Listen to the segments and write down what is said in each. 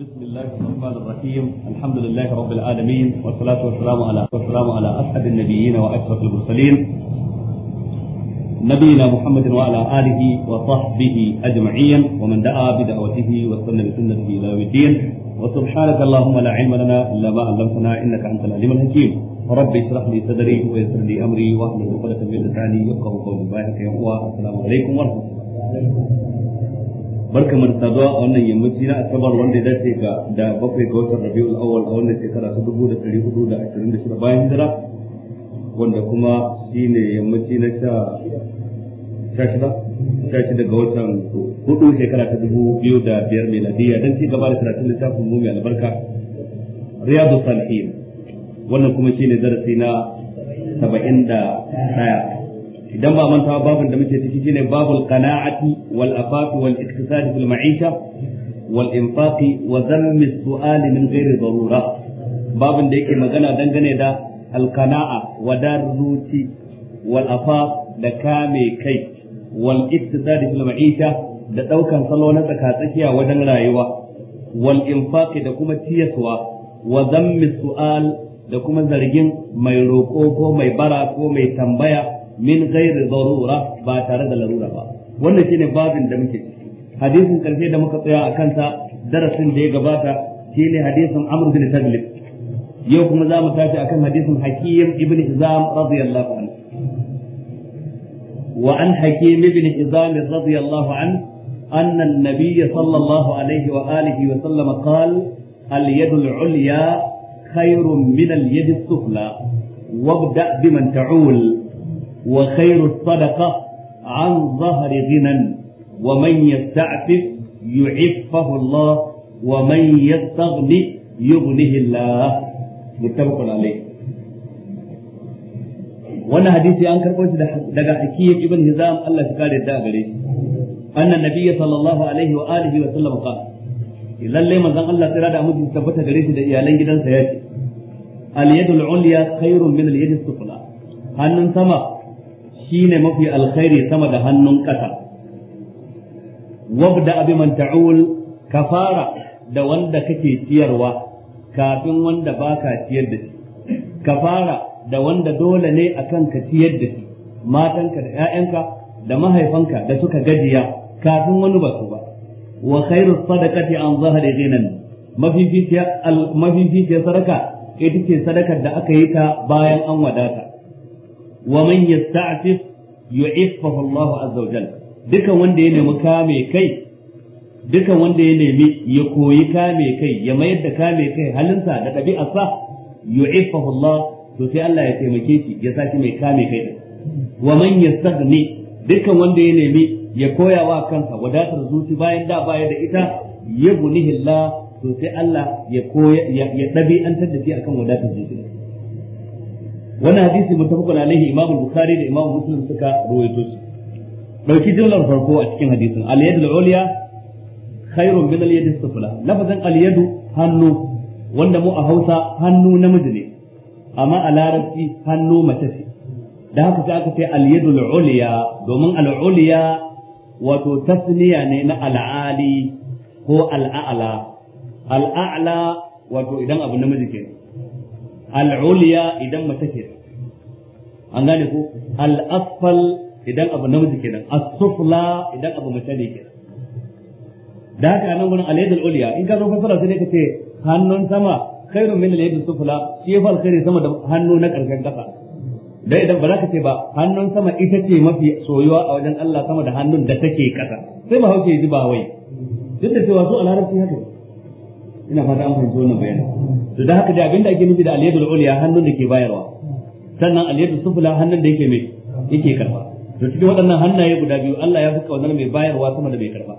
بسم الله الرحمن الرحيم الحمد لله رب العالمين والصلاة والسلام على والسلام على أسعد النبيين وأشرف المرسلين نبينا محمد وعلى آله وصحبه أجمعين ومن دعا بدعوته واستنى بسنته إلى يوم الدين وسبحانك اللهم لا علم لنا إلا ما علمتنا إنك أنت العليم الحكيم رب اشرح لي صدري ويسر لي أمري واحلل عقدة من لساني يفقهوا قولي السلام عليكم ورحمة الله barka mu da saduwa a wannan yammaci na asabar wanda ya dace ga da bakwai ga watan rabiul awwal a wannan shekara ta dubu da ɗari hudu da ashirin da shida bayan hijira wanda kuma shine yammaci na sha sha shida sha shida ga watan hudu shekara ta dubu biyu da biyar ladiya dan ci gaba da karatun littafin mu mai albarka riyadu salihin wannan kuma shine darasi na saba'in da ɗaya idan ba manta babin da muke ciki shine babul qana'ati wal afaqi, wal iktisad fil ma'isha wal infaqi wa dhamm sual min ghairi darura babin da yake magana dangane da al qana'a wadar zuci wal afaq da kame kai wal iktisad fil ma'isha da daukan salo na tsaka tsakiya wajen rayuwa wal infaqi da kuma ciyaswa wa dhamm sual da kuma zargin mai roko ko mai bara ko mai tambaya min ghairi darura ba tare da larura ba wannan shine babin da muke hadisin karshe da muka tsaya a kansa darasin da ya gabata shine hadisin Amr bin Taglib yau kuma za mu tashi akan hadisin Hakim ibn Hizam radiyallahu anhu wa an Hakim ibn Hizam radiyallahu anhu أن النبي صلى الله عليه وآله وسلم قال اليد العليا خير من اليد السفلى وابدأ بمن تعول وخير الصدقة عن ظهر غنى ومن يستعفف يعفه الله ومن يستغني يغنه الله متفق عليه wannan hadisi an karɓo shi daga hakiyya ibn hizam Allah ya kare da gare shi annan nabiyyi sallallahu alaihi wa alihi wa sallam qala lalle manzon Allah tsira da mutum tabbata gare shi da iyalan gidansa yace al yadul ulya khairun min al yadis sufla hannun sama shine mafi alkhairi sama da hannun ƙasa wabda abi man ta'ul ka fara da wanda kake ciyarwa kafin wanda baka ciyar da shi ka fara da wanda dole ne akan ka ciyar da shi matanka da 'ya'yanka da mahaifanka da suka gajiya kafin wani ba su ba wa khairu sadaqati an zahari mafi mafificiya sadaka ita ce sadakar da aka yi ta bayan an wadata wa man yasta'fif yu'iffahu Allahu azza wa jalla dukan wanda ya nemi kame kai dukan wanda ya nemi ya koyi kame kai ya mayar da kame kai halinsa da ɗabi'arsa yu'iffahu Allah to sai Allah ya taimake shi ya sa mai kame kai din wa man yastaghni dukan wanda ya nemi ya koya wa kansa wadatar zuci bayan da baya da ita yabnihi Allah to sai Allah ya koya ya dabi'antar da shi akan wadatar zuci wannan hadisi muttafaqun alaihi imamu bukhari da imamu muslim suka ruwaito shi dauki jillar farko a cikin hadisin al yadul ulya khairun min al yadis sufla lafazin al yadu hannu wanda mu a Hausa hannu namiji ne amma a larabci hannu mace ce da haka sai aka ce al yadul ulya domin al ulya wato tasniya ne na al ali ko al a'la al a'la wato idan abu namiji kenan al'uliya idan mace ke an gane ko al'asfal idan abu namiji kenan nan asufla idan abu mace ne kenan da haka nan gudun al-yad uliya in ka zo fasara sai ka ce hannun sama khairun min al sufla shi ya fa alkhairi sama da hannu na karshen kafa dai idan ba za ka ce ba hannun sama ita ce mafi soyuwa a wajen Allah sama da hannun da take kasa sai ma hausa ya ji ba wai duk da cewa su a larabci haka ina fata an fahimci wannan bayanin to da haka da abinda ake nufi da aliyadul ulya hannun da ke bayarwa sannan aliyadul sufla hannun da yake mai yake karba to cikin waɗannan hannaye guda biyu Allah ya fi wannan mai bayarwa sama da mai karba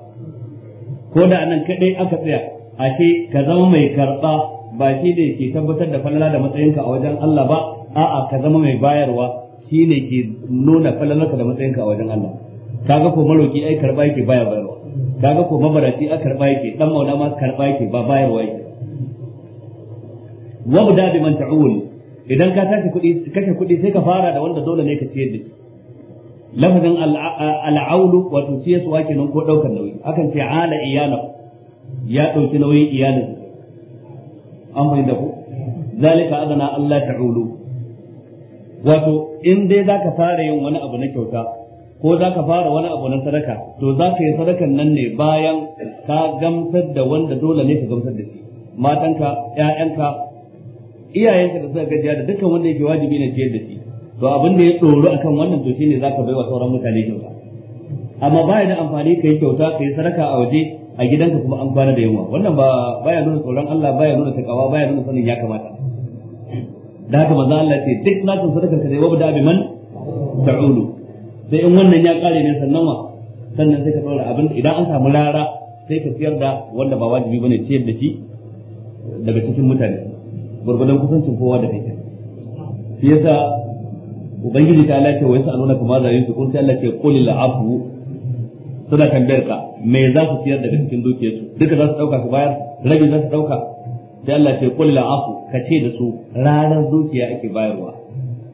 ko da anan kadai aka tsaya ashe ka zama mai karba ba shi ne ke tabbatar da falala da matsayinka a wajen Allah ba a'a ka zama mai bayarwa shine ke nuna falalarka da matsayinka a wajen Allah kaga ko maloki ai karba yake bayarwa kaga ko mabaraci a karba yake dan maula ma karba yake ba bayarwa yake wabda bi man ta'ul idan ka tashi kuɗi kashe kudi sai ka fara da wanda dole ne ka ciyar da shi lafazin al'aulu wato wake nan ko daukar nauyi akan ce ala iyana ya dauki nauyin iyalinsa an fahimta ko zalika adana Allah ta'ulu wato in dai zaka fara yin wani abu na kyauta ko za ka fara wani abu na sadaka to za ka yi sadakan nan ne bayan ka gamsar da wanda dole ne ka gamsar da shi matanka ƴaƴanka ka da suka gajiya da dukkan wanda yake wajibi ne ciyar da shi to abin da ya tsoro akan wannan to shine zaka baiwa sauran mutane kyauta amma baya da amfani kai kyauta kai sadaka a waje a gidanka kuma an kwana da yunwa wannan ba baya nuna tsoron Allah baya nuna takawa baya nuna sanin ya kamata da haka manzo Allah ce duk nasu sadakar ka ne wabda bi man ta'ulu da in wannan ya kare ne sannan wa sannan sai ka ɗora abin idan an samu lara sai ka fiyar da wanda ba wajibi bane ciyar da shi daga cikin mutane gurgudan kusancin kowa da kai shi yasa ubangiji ta Allah ce wa yasaluna kuma za su kun sai Allah ce qulil afu suna tambayar ka me za su fiyar daga cikin dukiyarsu duka za su dauka su bayar rabi za su dauka sai Allah ce qulil afu ka ce da su ranar dukiya ake bayarwa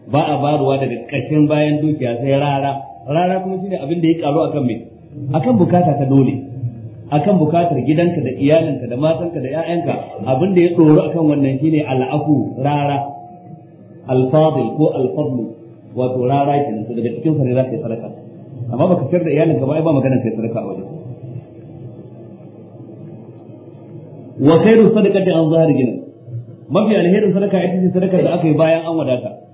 ba a baruwa daga ƙarshen bayan dukiya sai rara rara kuma shine abin da ya karo akan mai akan bukata ta dole akan bukatar gidanka da iyalinka da matanka da ƴaƴanka abin da ya tsoro akan wannan shine al'afu rara alfadil ko alfadlu wato rara kin to daga cikin sa ne za ka yi sadaka amma baka ciyar da iyalinka ba ai ba magana kai sadaka a wajen wa khairu sadaqati an zahir gina mafi alherin sadaka ita ce sadakar da aka yi bayan an wadata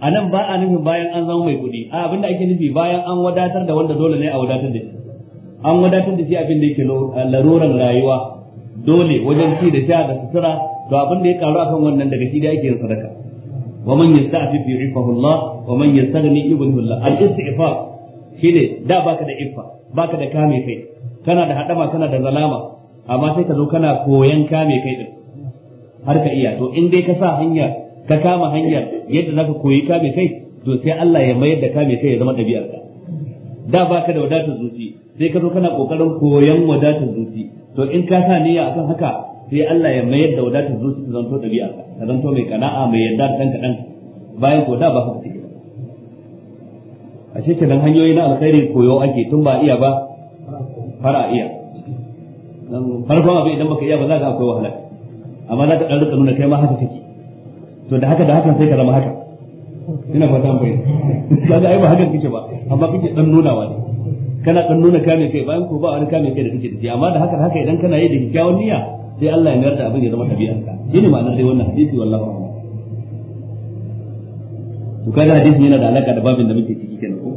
a nan ba a nufin bayan an zama mai kuɗi a abinda ake nufi bayan an wadatar da wanda dole ne a wadatar da shi an wadatar da shi abin da yake laruran rayuwa dole wajen ci da sha da sutura to abin da ya karu akan wannan daga shi da ake yin sadaka wa man yastafi fi Allah wa man yastaghni ibnullah al-istighfar shine da baka da iffa baka da kame kai kana da hadama kana da zalama amma sai ka zo kana koyan kame kai din har ka iya to in dai ka sa hanya ka kama hanyar yadda zaka koyi kame kai to sai Allah ya mayar da kame kai ya zama ka da baka da wadatar zuci sai ka zo kana kokarin koyan wadatar zuci to in ka sa niyya akan haka sai Allah ya mayar da wadatar zuci ta zanto ka ta zanto mai kana'a mai yarda da ɗan dan bayan ko da ba haka take ce kenan hanyoyi na alkhairi koyo ake tun ba iya ba fara iya farkon abu idan baka iya ba za ka akwai wahala amma za ka ɗan rika nuna kai ma haka kake to da haka da hakan sai ka zama haka ina fata mu kaga ai ba hakan kike ba amma kike dan nunawa ne kana dan nuna kame kai bayan ko ba wani kame kai da kike da amma da haka da haka idan kana yi da kyakkyawan niyya sai Allah ya mayar da abin ya zama tabi'arka shine ma'anar dai wannan hadisi wallahi a'lam to kaga hadisi yana da alaka da babin da muke ciki kenan ko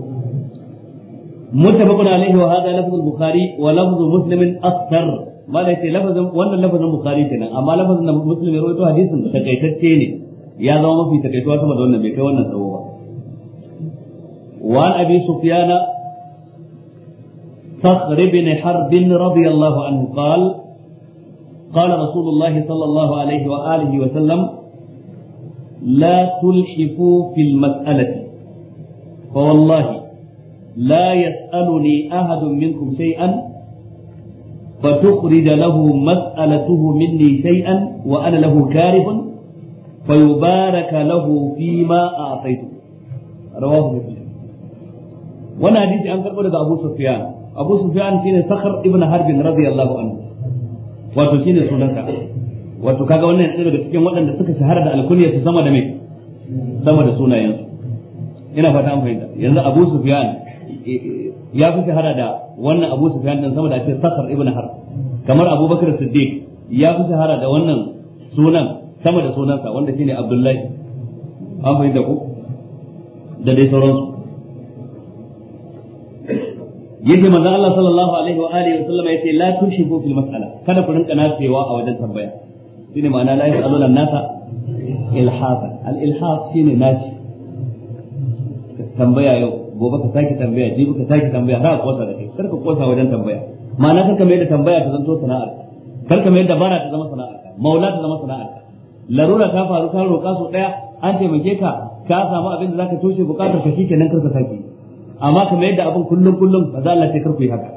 متفق عليه وهذا لفظ البخاري ولفظ مسلم أكثر ما ليس لفظ ولا لفظ البخاري كنا أما لفظ مسلم يروي حديث تكيتتيني ya zama mafi takaituwa sama da wannan bai kai wannan tsawo ba wa abi sufyana بن حرب رضي الله عنه قال قال رسول الله صلى الله عليه وآله وسلم لا تلحفوا في المسألة فوالله لا يسألني أحد منكم شيئا فتخرج له مسألته مني شيئا وأنا له كاره فيبارك له فيما أعطيته رواه مسلم وانا حديث عن كربلاء أبو سفيان أبو سفيان شين صخر ابن حرب رضي الله عنه wato shine sunansa wato kaga wannan yana daga cikin waɗanda suka shahara da alkunya su sama da me sama da sunayensu ina fata an fahimta yanzu Abu Sufyan ya fi shahara da wannan Abu Sufyan din sama da ake Sakhar ibn Harb kamar Abu Bakar Siddiq ya fi shahara da wannan sunan sama da sunansa wanda shine Abdullahi an fahimta ku? da dai sauransu yake manzo Allah sallallahu alaihi wa alihi wa sallam yace la tushifu fil mas'ala kada ku rinka nasewa a wajen tambaya shine ma'ana la yasaluna nasa ilhafa al ilhaf shine nasi tambaya yau gobe ka saki tambaya ji ka saki tambaya har ka kosa da kai kar ka kosa wajen tambaya ma'ana kar ka mai da tambaya ta zanto sana'ar kar ka mai da bara ta zama sana'ar maula ta zama sana'ar larura ta faru ka roƙa su ɗaya an taimake ka ka samu abin da zaka toshe bukatar ka kenan karka sake amma kamar yadda abin kullum kullum ba za Allah ce karku yi haka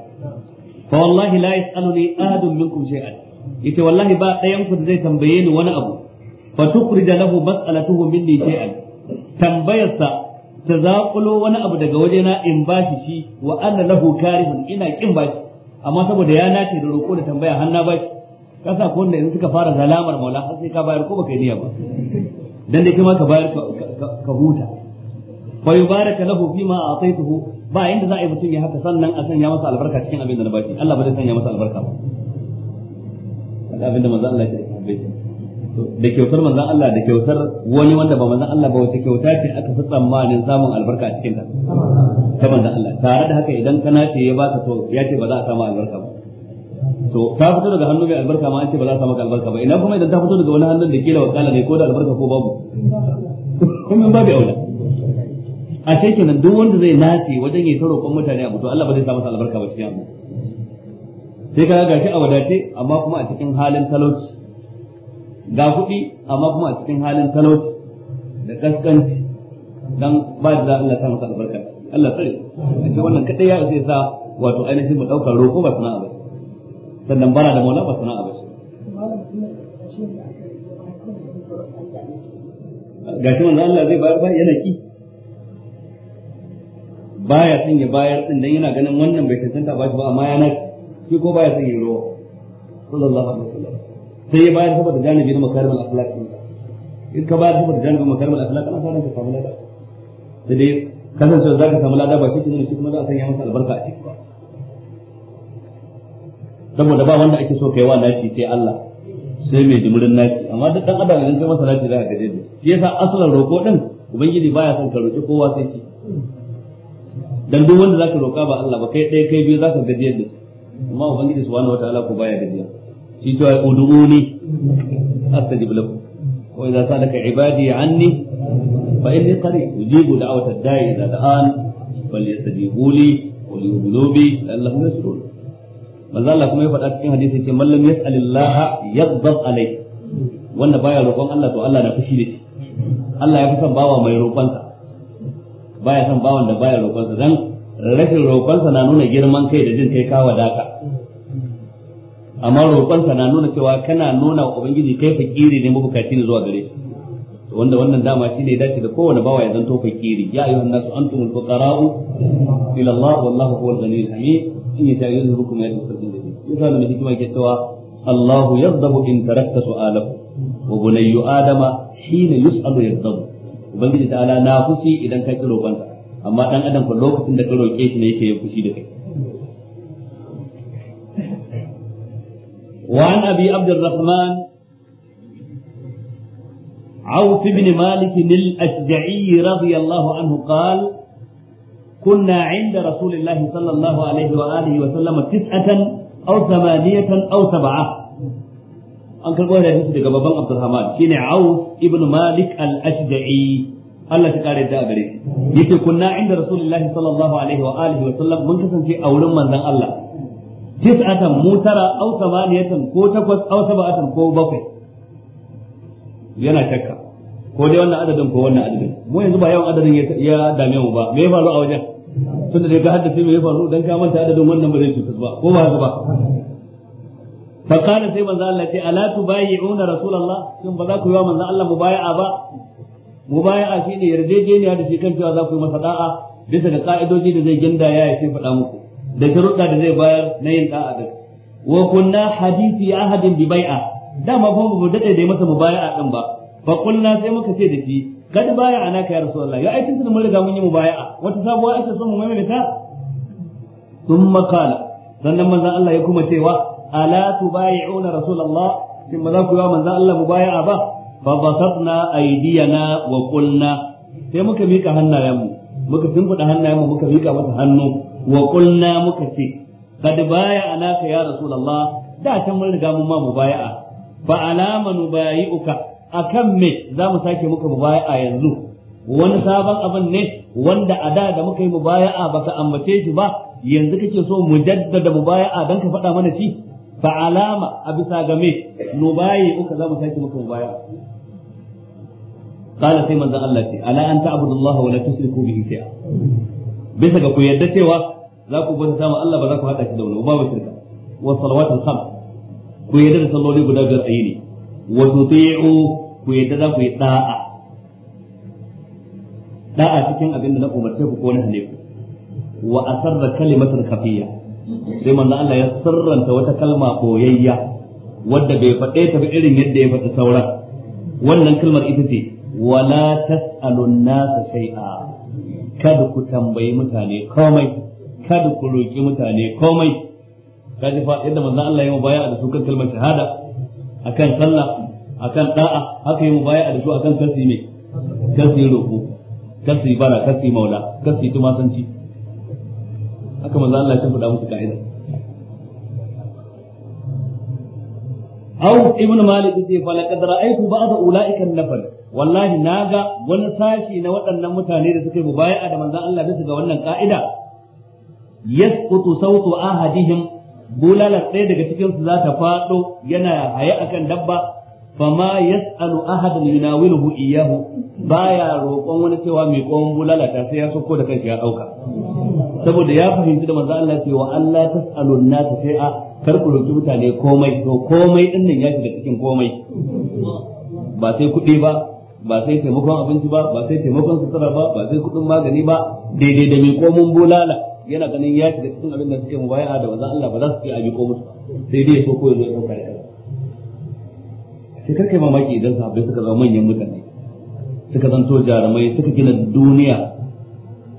fa wallahi la yasaluni ahadun minkum shay'an yace wallahi ba ɗayan ku zai tambaye ni wani abu fa tukhrij lahu mas'alatuhu minni shay'an tambayarsa ta zaƙulo wani abu daga wajena in bashi shi wa anna lahu karihun ina kin bashi amma saboda ya nace da roƙo da tambaya har na bashi ka ko wanda yanzu suka fara zalamar maula har sai ka bayar ko baka yi niyya ba dan dai kuma ka bayar ka huta fa yubaraka lahu fima ataituhu ba inda za a yi mutun ya haka sannan a sanya masa albarka cikin abin da na baki Allah ba zai sanya masa albarka ba kaga abin da manzo Allah ya ce da kyautar manzon Allah da kyautar wani wanda ba manzon Allah ba wace kyauta ce aka fi tsammanin samun albarka a cikin ta ta manzon Allah tare da haka idan kana ce ya ba ta to ya ce ba za a samu albarka ba to ta fito daga hannu mai albarka ma an ce ba za a samu albarka ba ina kuma idan ta fito daga wani hannun da kila wakala ne ko da albarka ko babu kuma babu aula a sai kenan duk wanda zai nace wajen yayi ta kan mutane abu to Allah ba zai sa albarka ba cikin abu sai kaga gashi a wadace amma kuma a cikin halin talauci ga kuɗi amma kuma a cikin halin talauci da kaskanci dan ba da Allah sa masa albarka Allah sai shi wannan kadai ya isa wato ainihin mu daukar roƙo ba sana'a ba sannan bana da maula ba sana'a ba ce gashi manzo Allah zai bayar ba yana ki baya son ya bayar din dan yana ganin wannan bai tantanta ba shi ba amma yana ki ko baya son ya ruwa sallallahu alaihi wasallam sai ya bayar saboda janibi na makarimul akhlaq in ka bayar saboda janibi makarimul akhlaq ana sanin ka samu lada sai dai kasance za ka samu lada ba shi kuma shi kuma za a sanya masa albarka a ciki saboda ba wanda ake so kai wa naci sai Allah sai mai jimirin naci amma duk dan adam idan kai masa naci za ka gaje shi yasa asalan roko din ubangiji baya son ka roki kowa sai shi dan duk wanda zaka roka ba Allah ba kai ɗaya kai biyu zaka gaje da amma ubangiji subhanahu wataala ko baya gaje shi to ai uduni astajib lakum wa idza salaka ibadi anni fa inni qareeb ujibu da'wata ad-da'i idza da'an falyastajibu li wa liyu'minu bi la'allahum manzo Allah kuma ya faɗa cikin hadisi ce man lam yas'alillaha yaghdab alayhi wanda baya roƙon Allah to Allah na fushi da shi Allah ya fi son bawa mai roƙonsa baya son bawan da baya roƙonsa dan rashin roƙonsa na nuna girman kai da jin kai ka wadata amma roƙonsa na nuna cewa kana nuna wa ubangiji kai fakiri ne mabukaci ne zuwa gare shi wanda wannan dama shi ne ya dace da kowane bawa ya zanto fakiri ya ayyuhan nasu antumul fuqara'u ila Allah wallahu huwal ghaniyyul hamid in ya tare da hukum ya da sarkin da ya sa da hikima ke cewa Allah yazdabu in tarakta su'alahu wa bunayyu adama hina yus'alu yazdabu ubangiji ta'ala na fushi idan ka ki roƙonsa amma dan adam fa lokacin da ka roƙe shi ne yake fushi da kai وعن أبي عبد الرحمن عوف بن مالك الأشجعي رضي الله عنه قال كنا عند رسول الله صلى الله عليه وآله وسلم تسعة أو ثمانية أو سبعة an karɓo da hadisi daga babban Abdulrahman shine Auf ibn Malik al-Ashda'i Allah ta kare da gare shi kunna inda Rasulullahi sallallahu alaihi wa wa sallam mun kasance a wurin manzon Allah tis'atan mutara aw samaniyatan ko takwas yana shakka ko dai wannan adadin ko wannan adadin mu yanzu ba yawan adadin ya dame mu ba me ya faru a wajen tunda dai ka haddace mai faru dan ka manta adadin wannan bare su cutar ba ko ba ba fa kana sai manzo Allah ce ala tubayi'una rasulullah shin ba za ku yi wa manzo Allah mubaya'a ba mubaya'a shine yarjejeniya da shi kan cewa za ku yi masa da'a bisa ga ka'idoji da zai ginda ya yi faɗa muku da sharuɗa da zai bayar na yin da'a da wa kunna hadisi ahadin bi bai'a dama ba mu dade da masa mubaya'a din ba fa qulna sai muka ce da shi kad baya ka ya rasulullah ya aikin tun mun riga mun yi mubaya'a wata sabuwa ake son mu maimaita thumma qala sannan manzon Allah ya kuma cewa ala tubayi'una rasulullah shin ba za ku yi wa manzon Allah mubaya'a ba fa basatna aydiyana sai muka mika hannayenmu muka shimfiɗa hannayenmu muka mika masa hannu wa qulna muka ce kad baya ka ya rasulullah da can mun riga mun ma mubaya'a fa alama nubayi'uka akan me za mu sake muka mubaya'a yanzu wani sabon abin ne wanda a da da muka yi mubaya'a baka ambace shi ba yanzu kake so mu jaddada mubaya'a dan ka faɗa mana shi fa alama a bisa ga me baye uka za mu sake muka mubaya'a sai سيما Allah الله ala anta abudullahi wa la tusriku bihi shay'a bisa ga ku yadda cewa za ku bauta sama Allah ba za ku hada shi da wani ba shirka wa salawatul khams ku yadda da salloli guda biyar a ne wa tuti'u ku yadda za ku yi da'a da'a cikin abin da na umarce ku ko na hane ku wa asarra kalimatar kafiya sai manzo Allah ya sirranta wata kalma boyayya wadda bai faɗe ta ba irin yadda ya faɗi sauran wannan kalmar ita ce wala tas'alun nasa shay'a kada ku tambayi mutane komai kada ku roki mutane komai kaji fa yadda manzo Allah ya mu baya da kan kalmar shahada akan sallah akan da'a haka yi a da su kan kasi mai kasi roƙo kasi bara kasi maula kasi tumatanci haka maza Allah shi faɗa musu ka'ida aw ibn malik ce fa laqad ra'aytu ba'd ulaika an-nafal wallahi naga wani sashi na waɗannan mutane da suka yi mubaya'a da manzo Allah bisa ga wannan ka'ida yasqutu sautu ahadihim bulalar ɗaya daga cikinsu za ta faɗo yana haye akan dabba Fa fama yas'alu ahadan yunawiluhu iyyahu ya roƙon wani cewa mai kowan ta sai ya sauko da kansa ya ɗauka. saboda ya fahimci da manzo Allah cewa Allah tas'alu an-nas sai a ku roki mutane komai to komai din nan ya shiga cikin komai ba sai kuɗi ba ba sai taimakon abinci ba ba sai taimakon sutura ba ba sai kuɗin magani ba daidai da mai komun bulala yana ganin ya shiga cikin abin da suke mubaya'a da manzo Allah ba za su ce a bi ko sai dai ya soko ya zo ya dauka da sai karkai mamaki idan sahabbai suka zama manyan mutane suka zanto jarumai suka gina duniya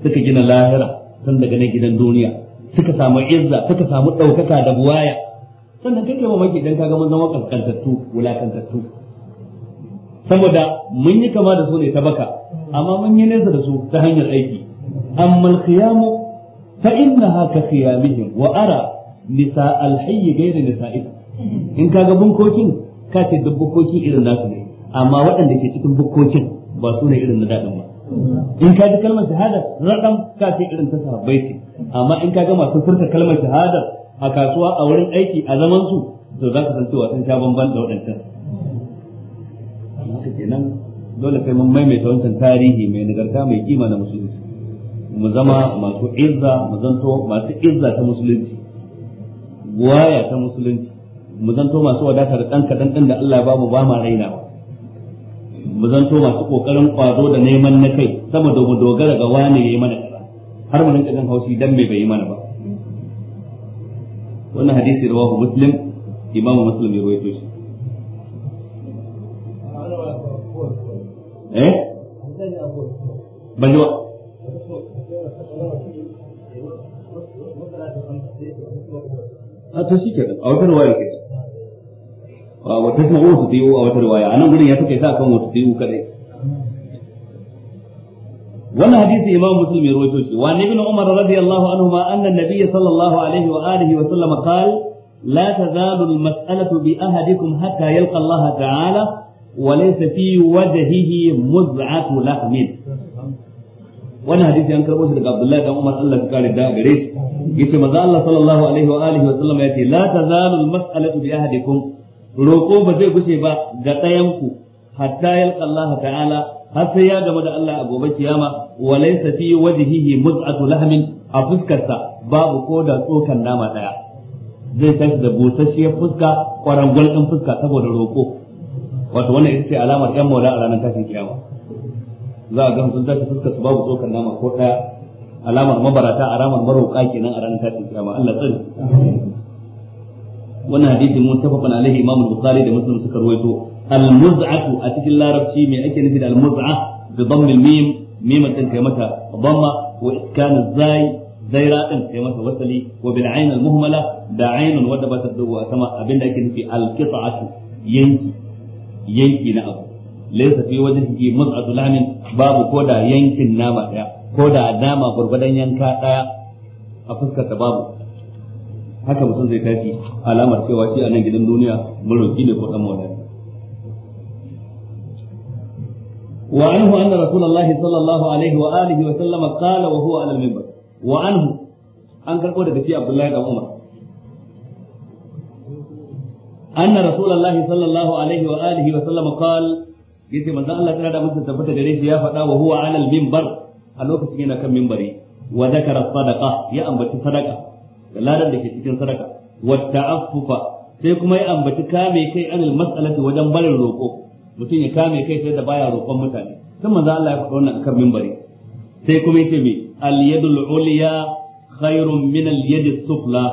suka gina lahira tun daga nan gidan duniya suka samu izza suka samu ɗaukaka da buwaya sannan kai mamaki idan kaga mun zama kaskantattu wulakantattu saboda mun yi kama da su ne ta baka amma mun yi nesa da su ta hanyar aiki amma alkhiyamu fa innaha ka khiyamihim wa ara nisa alhayy ghayr nisa'ik in kaga bunkokin ka ce duk bukoki irin nasu ne amma waɗanda ke cikin bukokin ba su ne irin na daɗin ba in ka ji kalmar shahada raɗan ka ce irin ta sahabbai ce amma in ka ga masu furta kalmar shahada a kasuwa a wurin aiki a zaman su to za ka san cewa sun sha bamban da waɗancan haka kenan dole sai mun maimaita wancan tarihi mai nagarta mai kima na musulunci mu zama masu izza mu zanto masu izza ta musulunci waya ta musulunci mu zanto masu wadata da ɗan kaɗan da Allah ba mu ba ma rainawa mu zanto masu ƙoƙarin ƙwazo da neman na kai sama da mu dogara ga wane ya yi mana kaza har mu rinka jin haushi dan me bai yi mana ba wannan hadisi rawahu muslim imamu muslim ya rawaito shi eh ban a ah, to shi kenan a wajen wayar ke wa tasma'u su a wata riwaya anan gurin ya take sa kan wasu tiyu kadai wannan hadisi imam muslim ya rawaito shi wa ibn umar radiyallahu anhu ma anna an-nabiy sallallahu alaihi wa alihi wa sallam qala la tazalu al-mas'alatu bi ahadikum hatta yalqa Allah ta'ala wa laysa fi wajhihi muz'atu lahmin wannan hadisi an karbo shi daga Abdullahi dan Umar Allah ya kare da gare shi yace manzo Allah sallallahu alaihi wa alihi wa sallam yace la tazalu al-mas'alatu bi ahadikum roƙo ba zai gushe ba ga ɗayan ku hatta yalqa Allah ta'ala har sai ya gama da Allah a gobe kiyama wa laysa fi wajhihi muz'atu lahmin a fuskarsa babu ko da tsokan nama daya zai tashi da busasshiyar fuska kwarangwal din fuska saboda roƙo wato wannan ita ce alamar yan maula a ranar tashin kiyama za a ga sun tashi fuskar su babu tsokan nama ko daya alamar mabarata alamar maroƙa kenan a ranar tashin kiyama Allah tsare wannan hadisi muttafaqun alaihi imam bukhari da muslim suka rawaito al-muz'atu a cikin larabci me ake nufi da al-muz'a bi dhamm al-mim mim din kai wa iskan zai zaira din kai wasali wa bil ayn al da wadda ba ta dawo sama abinda ake nufi al-qita'atu yanki yanki na abu laysa lamin babu koda yankin nama daya nama yanka daya a fuskar babu haka mutum zai tashi alamar cewa shi a nan gidan duniya maroki ne ko dan maulana وعنه أن رسول الله صلى الله عليه وآله وسلم قال وهو على المنبر وعنه أن كرقود بشي عبد الله بن عمر أن رسول الله صلى الله عليه yace manzo Allah da musu tabbata gare shi ya faɗa wa huwa alal minbar a lokacin yana kan minbari wa zakara sadaqa ya ambaci sadaqa da da ke cikin sadaka wa ta'affufa sai kuma ya ambaci kame kai anil mas'alati wajen barin roƙo mutum ya kame kai sai da baya roƙon mutane sun manzo Allah ya faɗa wannan akan mimbari sai kuma yace me al yadul ulya khairun min al yadi sufla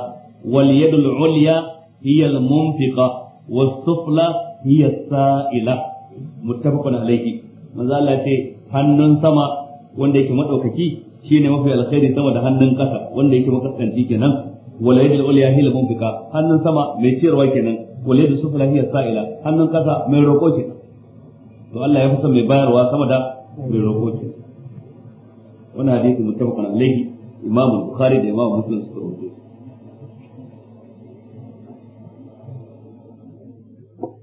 wal yadul ulya hiya al munfiqa was sufla hiya sa'ila muttafaqun alayhi manzo Allah ce hannun sama wanda yake madaukaki shine mafi alkhairi sama da hannun ƙasa wanda yake makasanci kenan wal yadul ulya hiya munfika hannun sama mai ciyarwa kenan wal yadul sufla hiya sa'ila hannun kasa mai roƙo ce to Allah ya fusa mai bayarwa sama da mai roƙo ce wannan hadisi muttafaqun alaihi imam bukhari da imam muslim suka rawaito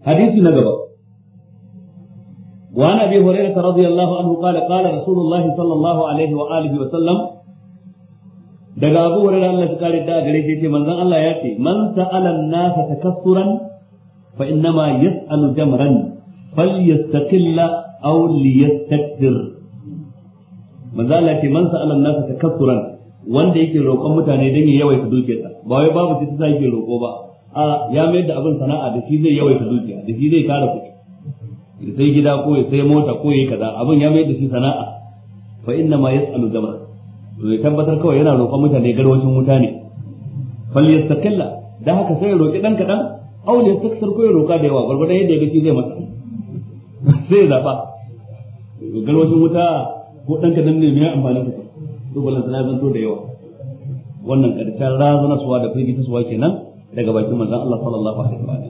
hadisi na gaba وعن ابي هريره رضي الله عنه قال قال رسول الله صلى الله عليه واله وسلم daga Abu da Allah ya kare ta gare shi ce manzon Allah ya ce man sa'ala an-nas takassuran fa innama yas'alu jamran falyastaqilla aw liyastakbir manzon Allah ce man sa'ala an-nas takassuran wanda yake roƙon mutane don ya yawaita dukiyarsa ba wai babu sai ta yake roƙo ba a ya mayar da abin sana'a da shi zai yawaita dukiya da shi zai kara kuɗi ya sai gida ko ya sai mota ko ya kaza abin ya mayar da shi sana'a fa innama yas'alu jamran zai tabbatar kawai yana roƙon mutane garwacin wuta ne falyastakilla da haka sai ya roƙi dan kadan aw ne taksar ko ya roƙa da yawa gurgurdan yadda ya ga shi zai masa sai zaba garwacin wuta ko dan kadan ne mai amfani ka to ballan sana zanto da yawa wannan karshen razana suwa da firgita suwa kenan daga bakin manzon Allah sallallahu alaihi wa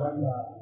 sallam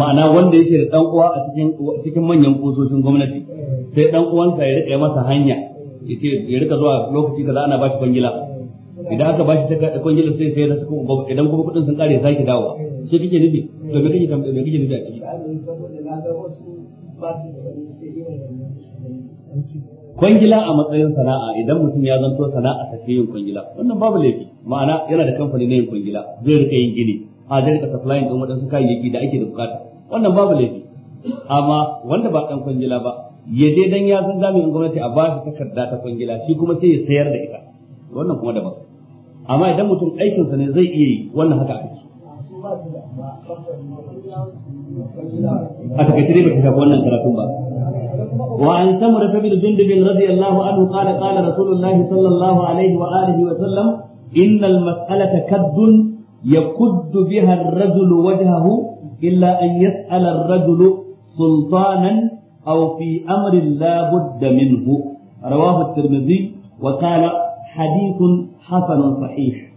ma'ana wanda yake da dan uwa a cikin cikin manyan kusoshin gwamnati sai dan uwansa ya rike masa hanya yace ya rika zuwa lokaci kaza ana bashi kwangila idan aka bashi ta kwangila sai sai da suka idan kuma kudin sun kare sai ki dawo shi kike nufi to me kike me kike nufi a ciki kwangila a matsayin sana'a idan mutum ya zanto sana'a ta yin kwangila wannan babu laifi ma'ana yana da kamfani na yin kwangila zai rika yin gini a zai rika supplying don waɗansu kayayyaki da ake da bukata wannan babu laifi amma wanda ba dan kwangila ba ya je dan ya san jami'in gwamnati a ba shi takarda ta kwangila shi kuma sai ya sayar da ita wannan kuma daban amma idan mutum aikinsa ne zai iya yi wannan haka ake a takaice dai ba ta shafi wannan karatun ba وعن سمرة بن جندب رضي الله عنه قال قال رسول الله صلى الله عليه وآله وسلم إن المسألة كد يكد بها الرجل وجهه إلا أن يسأل الرجل سلطانا أو في أمر لا بد منه رواه الترمذي وقال حديث حسن صحيح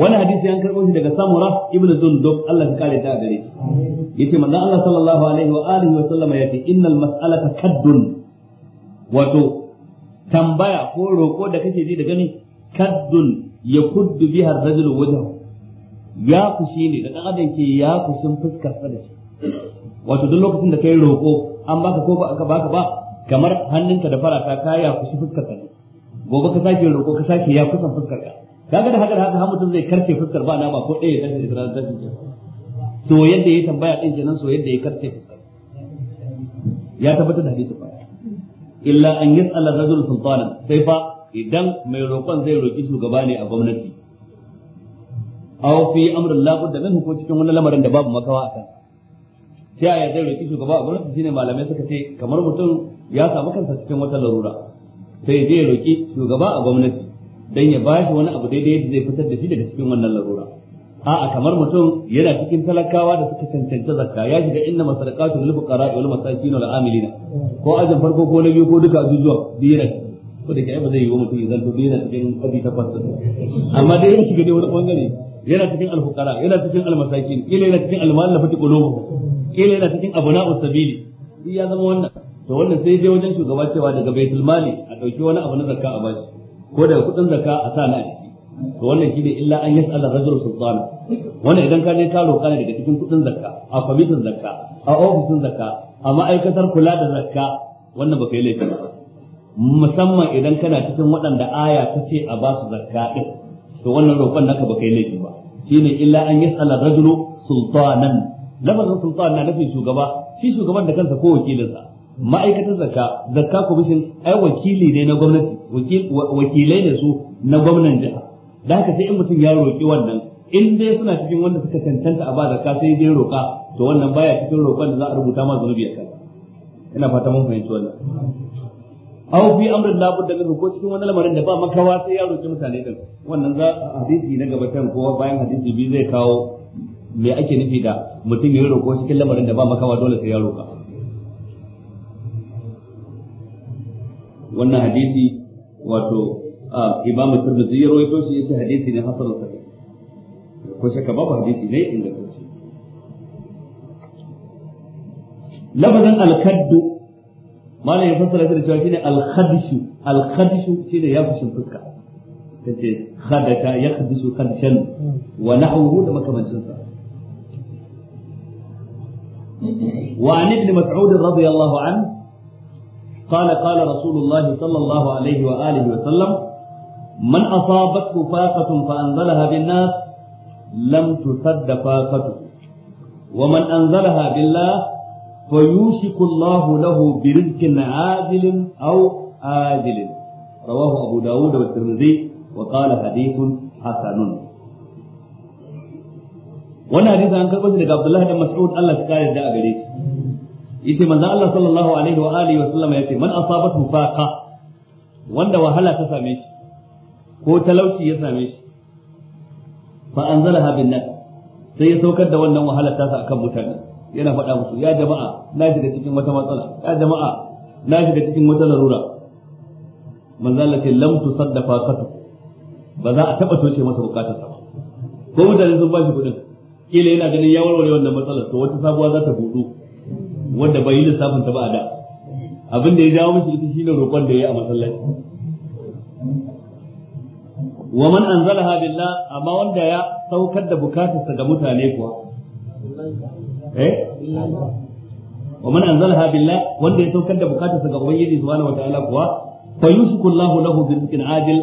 wani hadisi an karɓo shi daga samura ibn zundub Allah ya kare ta gare yace manzon Allah sallallahu alaihi wa alihi wa sallama yace innal mas'alata kaddun wato tambaya ko roko da kake ji da gani kaddun ya kuddu biha ar-rajulu ya kushi ne da kadan ke ya kushin fuskar sa da shi wato duk lokacin da kai roko an baka ko ba aka baka ba kamar hannunka da farata ka ya kushi fuskar ka ne gobe ka sake roko ka sake ya kusan fuskar ka kaga da haka da haka mutum zai karce fuskar ba ba ko ɗaya da shi da shi so yadda ya tambaya din kenan so yadda ya karce fuskar ya tabbatar da hadisi ba illa an yas'ala rajul sultanan sai fa idan mai roƙon zai roƙi shugaba ne a gwamnati aw fi amrin la budda minhu ko cikin wani lamarin da babu makawa a kan ta yaya zai roƙi shugaba a gwamnati shine malamai suka ce kamar mutum ya samu kansa cikin wata larura sai zai roƙi shugaba a gwamnati dan ya bashi wani abu daidai yadda zai fitar da shi daga cikin wannan larura a'a kamar mutum yana cikin talakawa da suka cancanci zakka ya shiga inna masadaqatu lil fuqara wal masakin wal ko ajin farko ko na biyu ko duka ajujuwa biyar ko da kai ba zai yi wa mutum zanto to yana cikin kabi ta amma dai yana shiga dai wani bangare yana cikin alfukara yana cikin almasakin kila yana cikin almallafati kulubu kila yana cikin usabili sabili ya zama wannan to wannan sai dai wajen shugaba cewa daga baitul mali a dauki wani abu na zakka a bashi ko daga kudin zakka a sa na ciki to wannan shine illa an yas'al ar-rajul sultana wannan idan ka je ka roka ne daga cikin kudin zakka a kwamitin zakka a ofisin zakka a ma'aikatar kula da zakka wannan ba kai laifi ba musamman idan kana cikin waɗanda aya ta ce a ba su zakka din to wannan roƙon naka ba kai laifi ba shine illa an yi tsala rajulu sultanan lafazin sultan na nufin shugaba shi shugaban da kansa ko wakilinsa ma'aikatar zakka zakka commission ai wakili ne na gwamnati wakilai ne su na gwamnan jiha da haka sai in mutum ya roƙi wannan in dai suna cikin wanda suka cancanta a ba zakka sai dai roƙa to wannan baya cikin roƙon da za a rubuta ma zunubi a kansa ina fata mun fahimci wannan aw fi amrin la budda minhu ko cikin wani lamarin da ba makawa sai ya roki mutane da wannan za hadisi na gaba can ko bayan hadisi biyu zai kawo me ake nufi da mutum ya roko cikin lamarin da ba makawa dole sai ya roka wannan hadisi wato imam tirmidhi ya rawaito shi yace hadisi ne hasan sahih ko shakka babu hadisi ne ingantacce lafazin al-kaddu malam ya fassara shi da cewa shine al-khadishu al-khadishu shine ya fuska kace khadaka ya khadishu khadishan wa nahwuhu da makamancin sa wa an ibn mas'ud radiyallahu an قال قال رسول الله صلى الله عليه وآله وسلم من أصابته فاقة فأنزلها بالناس لم تسد فاقته ومن أنزلها بالله فيوشك الله له برزق عاجل أو آجل رواه أبو داود والترمذي وقال حديث حسن wannan hadisi an karɓo shi daga Abdullahi bin Mas'ud Allah ya kare da a gare shi yace manzo Allah sallallahu alaihi wa alihi wa sallama yace man wanda wahala ta same shi ko talauci ya same shi fa anzalaha bin nas sai ya saukar da wannan wahala ta sa akan mutane yana faɗa musu ya jama'a na shiga cikin wata matsala ya jama'a na shiga cikin wata larura manzo Allah ce lam tusaddafa qatu ba za a taba toshe masa bukatar sa ba ko mutane sun bashi kuɗin kila yana ganin ya warware wannan matsalar to wata sabuwa za ta budu wanda bai yi lissafin ta ba a da abin da ya jawo mishi ita shine roƙon da ya yi a masallaci wa man anzalaha billah amma wanda ya saukar da bukatarsa ga mutane kuwa eh wa man بالله billah wanda ya saukar da bukatarsa ga ubangiji subhanahu wataala kuwa fa yusiku Allahu lahu bi rizqin ajil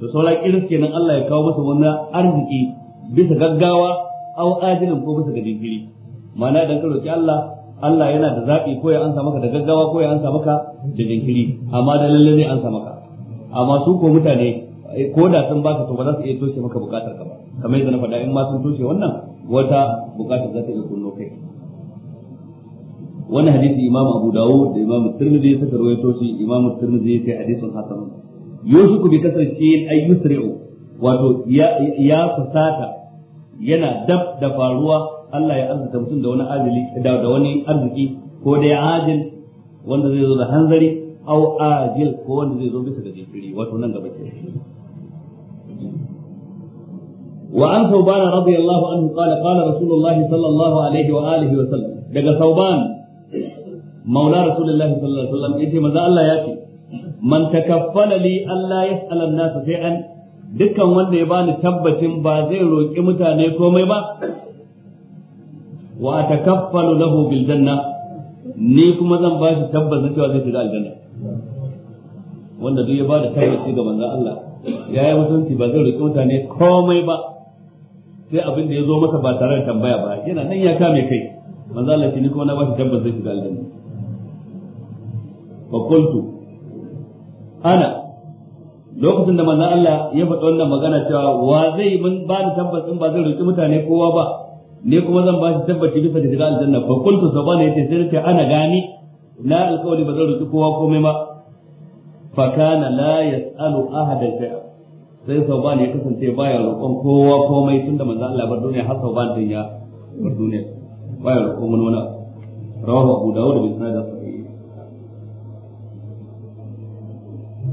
to sauran irin kenan Allah ya kawo masa wani arziki bisa gaggawa aw ajilan ko Allah yana da zaɓi ko ya ansa maka da gaggawa ko ya ansa maka da jinkiri amma da lalle zai ansa maka amma su ko mutane ko da sun baka to ba za su iya toshe maka bukatar ka ba kamar yadda na faɗa in ma sun toshe wannan wata bukatar za ta iya kunno kai wani hadisi imam abu dawo da imam tirmidhi suka rawaito shi imam tirmidhi ya ce hadisin hasan yusuku bi kasar shi ay yusri'u wato ya fasata yana dab da faruwa Allah ya arzuta mutum da wani azili da wani arziki ko da ya ajil wanda zai zo da hanzari au ajil ko wanda zai zo bisa da jinkiri wato nan gaba ke wa an thawban radiyallahu anhu qala qala rasulullahi sallallahu alaihi wa alihi wa sallam daga thawban maula rasulullahi sallallahu alaihi wasallam yace manzo Allah ya الله ياتي من تكفل Allah الله an الناس شيئا dukkan wanda ya bani tabbacin ba zai roki mutane komai ba wa atakaffalu lahu bil janna ni kuma zan ba shi tabbas cewa zai shiga aljanna wanda duk ya bada tabbaci ga manzon Allah ya yi mutunci ba zai roki mutane komai ba sai abin da ya zo masa ba tare da tambaya ba yana nan ya kame kai manzon Allah shi ni kuma na ba shi tabbas zai shiga aljanna fa ana lokacin da manzon Allah ya faɗi wannan magana cewa wa zai mun ba ni tabbas in ba zai roki mutane kowa ba ne kuma zan ba shi tabbaci bisa da shiga aljanna fa kuntu sabana yace sai ce ana gani la alqawli ba zan roki kowa komai ba fa kana la yasalu ahada shay'a sai sabana ya kasance baya roƙon kowa komai tunda manzon Allah bar duniya har sabana din ya bar duniya baya roƙon wani wani rawahu abu dawud bin sanad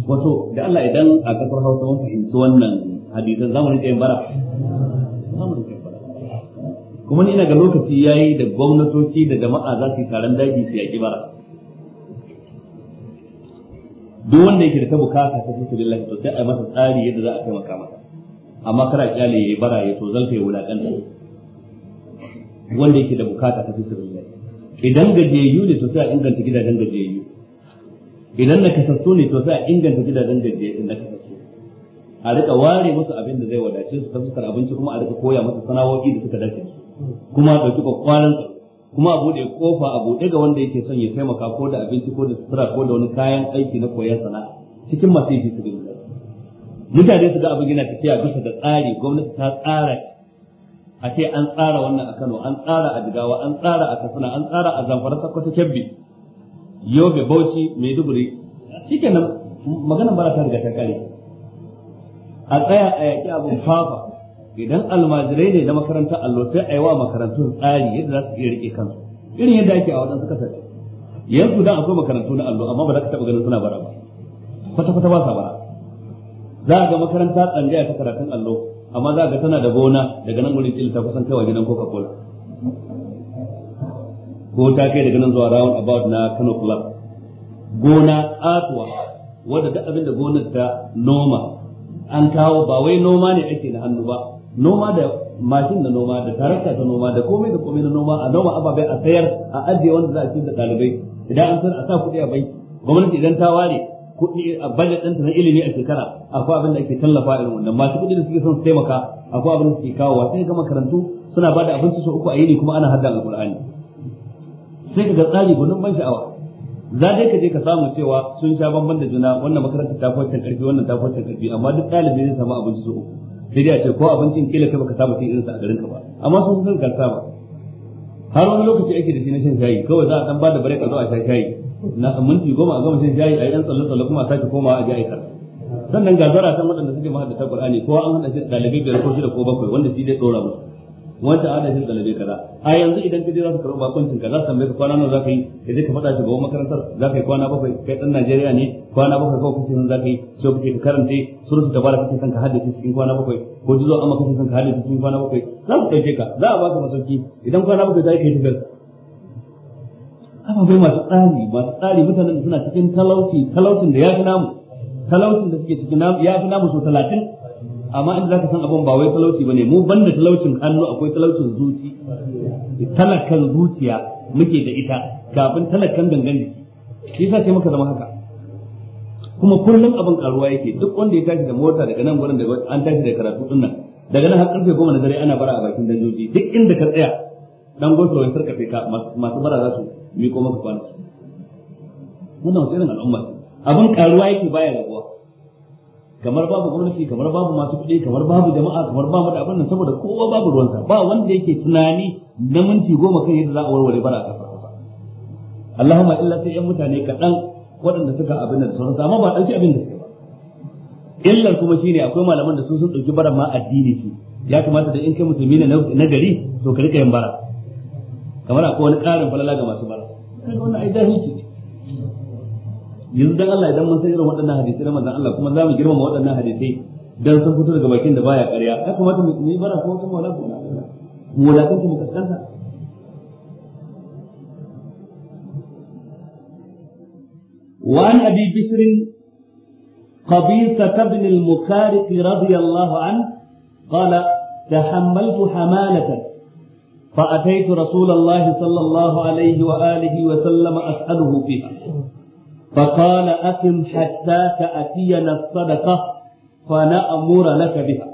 wato da Allah idan a kasar Hausa mun fahimci wannan hadisan zamu rike bara zamu rike bara kuma ni ina ga lokaci yayi da gwamnatoci da jama'a za su yi taron daji su yaki bara duk wanda yake da ta bukata ta fito lillahi to sai a masa tsari yadda za a taimaka masa amma kar a kyale yayi bara ya to zalfa ya da wanda yake da bukata ta fito lillahi idan gajiyayyu ne to sai a inganta gidajen gajiyayyu idan na kasassu ne to sai a inganta gidajen gajiyayyu na kasassu a rika ware musu abin da zai wadace su ta fuskar abinci kuma a rika koya musu sana'o'i da suka dace kuma a ɗauki kwakwalan kuma a buɗe kofa a buɗe ga wanda yake son ya taimaka ko da abinci ko da sutura ko da wani kayan aiki na koyon sana'a cikin masu yi su gani mutane su ga abin yana tafiya bisa da tsari gwamnati ta tsara a ce an tsara wannan a Kano an tsara a Jigawa an tsara a Katsina an tsara a Zamfara Sokoto Kebbi yobe bauchi maiduguri shikenan maganar ba ta riga ta kare a tsaya a yaƙi abin fafa idan almajirai ne na makaranta allo sai a yi wa makarantun tsari yadda za su iya rike kansu irin yadda ake a waɗansu kasashe yansu sudan akwai makarantu na allo amma ba za ka taɓa ganin suna bara ba kwata kwata ba sa bara za a ga makaranta tsanjaya ta karatun allo amma za a ga tana da gona daga nan wurin kilita kusan wa gidan coca cola ko ta kai daga nan zuwa round about na Kano club gona atwa wadda duk abin da gonar ta noma an kawo ba wai noma ne ake na hannu ba noma da mashin na noma da tarakta ta noma da komai da komai na noma a noma ababai a sayar a ajiye wanda za a ci da ɗalibai idan an san a sa kuɗi a banki gwamnati idan ta ware kuɗi a budget ɗinta na ilimi a shekara akwai abin da ake tallafa irin wannan masu kuɗi da suke son su taimaka akwai abin da suke kawo wa sai ga makarantu suna bada abinci su uku a yini kuma ana hadda alƙur'ani sai ka ga tsari gudun ban sha'awa za dai ka je ka samu cewa sun sha bamban da juna wannan makarantar ta kwancin karfi wannan ta kwancin karfi amma duk ɗalibi zai samu abinci so uku sai dai a ce ko abincin kila kai baka samu cin irinsa a garin ka ba amma sun san ka saba har wani lokaci ake da shi na shan shayi kawai za a dan bada bare ka zo a sha shayi na minti goma a gama shan shayi a yi ɗan tsalle tsalle kuma a sake komawa a ji aikar sannan ga ta waɗanda suke ta ƙur'ani kowa an haɗa shi ɗalibai biyar ko shida ko bakwai wanda shi dai ɗora musu wanda ana shi zalabe kaza a yanzu idan ka je za ka karɓi bakuncin ka za su tambaye ka kwana nawa za ka yi ka je ka faɗa shi ga makarantar za ka yi kwana bakwai kai ɗan Najeriya ne kwana bakwai kawai kake son za ka yi sai kake ka karanta surutu ta bara kake san ka haddace cikin kwana bakwai ko juzo amma kake san ka haddace cikin kwana bakwai za su ɗauke ka za a ba ka masauki idan kwana bakwai za ka yi tafiyar ababai masu tsari masu tsari mutanen suna cikin talauci talaucin da ya fi namu talaucin da suke cikin ya fi namu so talatin amma inda ka san abin ba wai talauci ne mu banda talaucin hannu akwai talaucin zuci talakan zuciya muke da ita kafin talakan gangan jiki shi sa sai muka zama haka kuma kullum abin karuwa yake duk wanda ya tashi da mota daga nan gurin daga an tashi da karatu din nan daga nan har karfe goma na dare ana bara a bakin danjoji duk inda ka tsaya dan gosulo wani sarkafe ka masu bara za su miko maka kwana wannan wasu irin al'umma abin karuwa yake baya rabuwa kamar babu gwamnati kamar babu masu kuɗi kamar babu jama'a kamar babu da abin nan saboda kowa babu ruwansa ba wanda yake tunani na minti goma kan yadda za a warware bara a ƙasar ba Allahumma illa sai yan mutane kaɗan waɗanda suka abin da sauransu amma ba ɗauki abin da suke ba illar kuma shine akwai malaman da su sun ɗauki bara ma addini su ya kamata da in kai musulmi ne na gari to ka rika yin bara kamar akwai wani ƙarin falala ga masu bara kaga wannan ai jahilci yanzu dan Allah idan mun san irin waɗannan hadisi na manzon Allah kuma zamu girmama waɗannan hadisi dan sun fito daga bakin da baya ƙarya ya kamata mu yi bara ko kuma wala ko mu wala ko mu kaskanta وعن أبي بشر قبيصة بن المكارق رضي الله عنه قال تحملت حمالة فأتيت رسول الله صلى الله عليه وآله وسلم أسأله فيها فقال أقم حتى تأتينا الصدقة فنأمر لك بها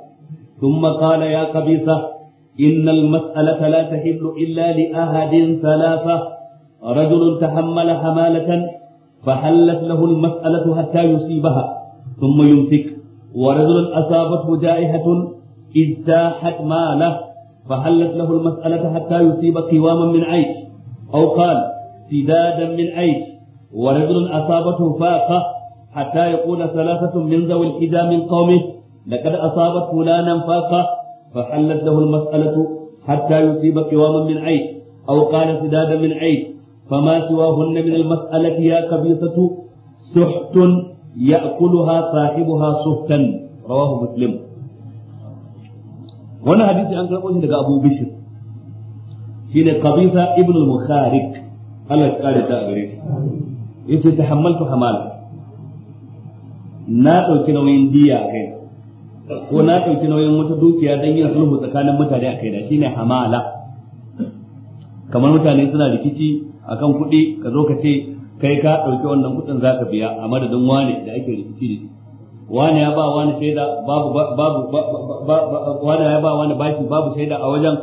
ثم قال يا قبيصة إن المسألة لا تحل إلا لأحد ثلاثة رجل تحمل حمالة فحلت له المسألة حتى يصيبها ثم يمسك ورجل أصابته جائحة اجتاحت ماله فحلت له المسألة حتى يصيب قواما من عيش أو قال سدادا من عيش ورجل أصابته فاقة حتى يقول ثلاثة من ذوي الحجى من قومه لقد أصابت فلانا فاقة فحلت له المسألة حتى يصيب قواما من عيش أو قال سدادا من عيش فما سواهن من المسألة يا كبيسة سحت يأكلها صاحبها سحتا رواه مسلم وانا حديث عن كلمة أبو بشر شيء قبيصة ابن المخارج الله يسأل تعالى yace tahammaltu hamala na dauki nauyin diya a kai ko na dauki nauyin wata dukiya dan yin sulhu tsakanin mutane a kai da shine hamala kamar mutane suna rikici akan kuɗi ka zo ka ce kai ka dauki wannan kuɗin zaka biya a madadin wane da ake rikici da shi wani ya ba wani shaida babu babu wani ya ba wani bashi babu shaida a wajen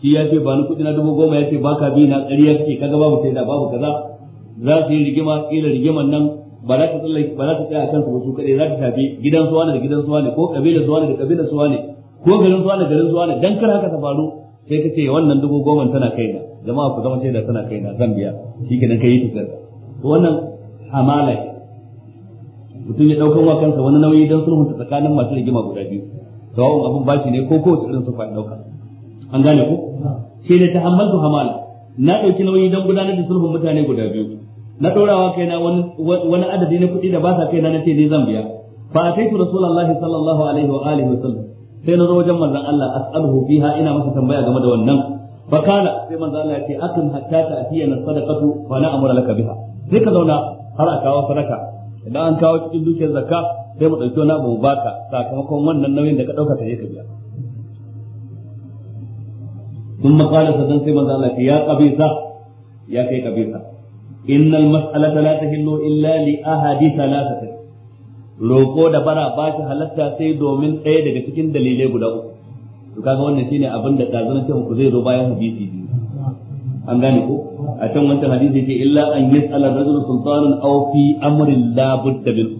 shi ya ce ba ni kuɗi na dubu goma ya ce ba ka bi na ƙarya kake kaga babu shaida babu kaza za su yi rigima kila rigiman nan ba za ta tsallake ba za ta tsaya kansu ba su kadai za ta tafi gidan suwa ne da gidan suwa ne ko kabilar suwa ne da kabilar suwa ne ko garin suwa ne garin suwa ne dan kar haka ta faru sai ka ce wannan dubu goma tana kaina jama'a ku zama shaida tana kaina zan biya nan kai tafiyar to wannan hamala mutum ya daukar wa kansa wani nauyi dan sulhunta tsakanin masu rigima guda biyu sawa'un abin bashi ne ko kowace irin sufa dauka an gane ku sai da ta hammaltu hamala na dauki nauyi dan gudanar da sulhun mutane guda biyu na dorawa kaina wani wani adadi na kuɗi da ba sa kaina nace ni zan biya fa ataitu rasulullahi sallallahu alaihi wa alihi wasallam sai na zo wajen manzon Allah as'aluhu biha ina masa tambaya game da wannan fa kana sai manzon Allah ya ce akin hatta ta atiya na sadaqatu wa na amara laka biha sai ka zauna har a kawo sadaka idan an kawo cikin dukiyar zakka sai mu dauki wani abu baka sakamakon wannan nauyin da ka dauka ka ka biya ثم قال سدن سيما الله يا قبيصة ya kai kabisa innal mas'alata لا tahillu illa li ahadi thalathatin roko da bara ba shi halatta sai domin ɗaya daga cikin dalilai guda uku to kaga wannan shine abin da kazanin cewa ku zai zo bayan hadisi biyu an gane ko a can wancan hadisi ce illa an yas'ala rajulun sultanan aw fi amrin la budda bil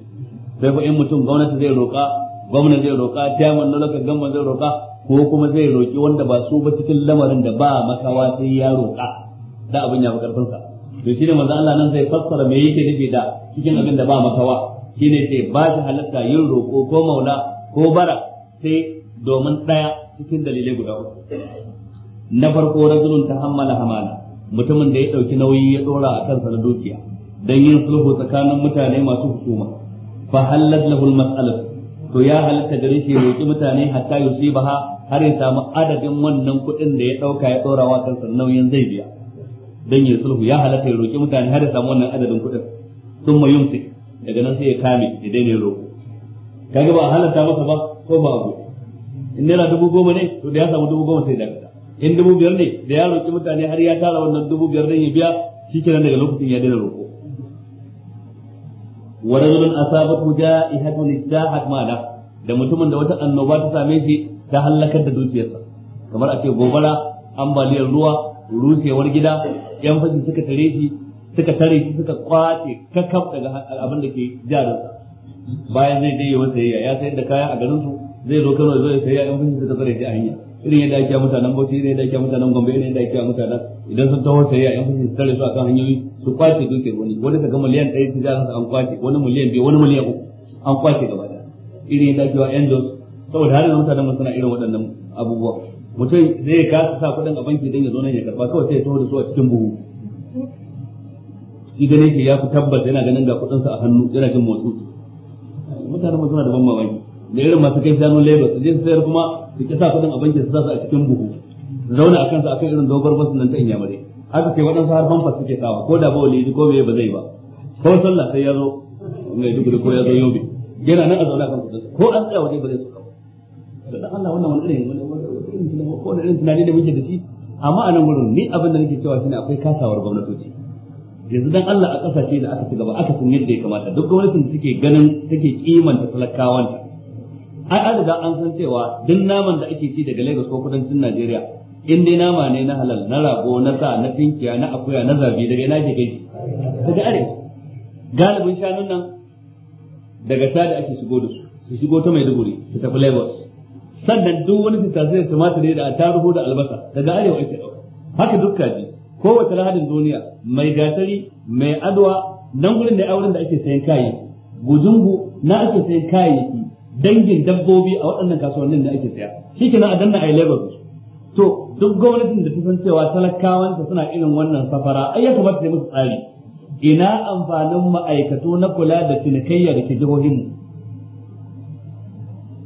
sai fa in mutum gwamnati zai roka gwamnati zai roka chairman na lokacin gwamnati zai roka ko kuma zai roki wanda ba su ba cikin lamarin da ba makawa sai ya roka da abin ya fi karfin sa to shine manzo Allah nan zai fassara me yake nufi da cikin abin da ba makawa shine sai ba shi halatta yin roko ko maula ko bara sai domin daya cikin dalilai guda uku na farko rajulun tahammala hamala mutumin da ya ɗauki nauyi ya dora a kansa na dukiya dan yin sulhu tsakanin mutane masu hukuma fa halat lahul al to ya halatta gare shi roki mutane hatta yusibaha har ya samu adadin wannan kuɗin da ya ɗauka ya dora wa kansa nauyin zai biya dan ya sulhu ya halatta ya roki mutane har ya samu wannan adadin kuɗin sun ma yumsi daga nan sai ya kame ya daina roko kaga ba halatta masa ba ko ba abu in naira dubu goma ne to da ya samu dubu goma sai dakata in dubu biyar ne da ya roki mutane har ya tara wannan dubu biyar dan ya biya shikenan daga lokacin ya daina roko wa rajulun asabatu ja'ihatun istahat mala da mutumin da wata annoba ta same shi ta halakar da dukiyarsa kamar a ce gobara ambaliyar ruwa rusewar gida yan fashi suka tare shi suka tare shi suka kwace kakaf daga abin da ke jarinsa bayan zai je yawa yaya ya sayar da kaya a garin su zai zo Kano zai sayar yan fashi suka tare shi a hanya irin yadda ake mutanen Bauchi irin yadda ake mutanen Gombe irin yadda ake mutanen idan sun taho sayar yan fashi su tare su a kan hanyoyi su kwace dukiyar wani wani daga miliyan 1 su jarinsa an kwace wani miliyan biyu wani miliyan uku an kwace gaba ɗaya irin yadda ake wa yan Jos saboda har yanzu mutanen mu suna irin waɗannan abubuwa mutum zai kasa sa kuɗin a banki don ya zo nan ya karba kawai sai ya taho da su a cikin buhu shi gane ke ya fi tabbas yana ganin ga kuɗinsa a hannu yana jin motsi mutanen suna da ban mamaki da irin masu kai shanu labor su je su sayar kuma su kisa kudin a banki su sa su a cikin buhu su zauna a kansa kan irin dogon basu nan ta inyamare haka kai waɗansu har famfa suke sawa ko da ba wali ko bai ba zai ba ko sallah sai ya zo mai duguri ko ya zo yobe yana nan a zauna kan kudin ko an tsaya waje ba zai su kawo da Allah wannan wani irin irin ko irin da muke da shi amma a nan wurin ni abin da nake cewa shine akwai kasawar gwamnatoci yanzu dan Allah a kasashe da aka ci gaba aka san yadda ya kamata duk gwamnatin da take ganin take kimanta talakawanta ai an riga an san cewa duk naman da ake ci daga Lagos ko kudancin Najeriya in dai nama ne na halal na rago na sa na tinkiya na akuya na zabi daga ina ke kai daga are galibin shanun nan daga sada ake shigo da su su shigo ta mai duguri ta tafi Lagos sannan duk wani tattasai da ne da tarihu da albasa daga arewa ake ɗauka. haka duk ko kowace lahadin duniya mai gatari mai adwa nan gurin da auren da ake sayan kayayyaki guzungu na ake sayan kayayyaki dangin dabbobi a waɗannan kasuwannin da ake saya nan a danna ai labor to duk gwamnatin da ta san cewa talakawanta suna irin wannan safara ai ya kamata ta musu tsari ina amfanin ma'aikatu na kula da cinikayya da ke jihohinmu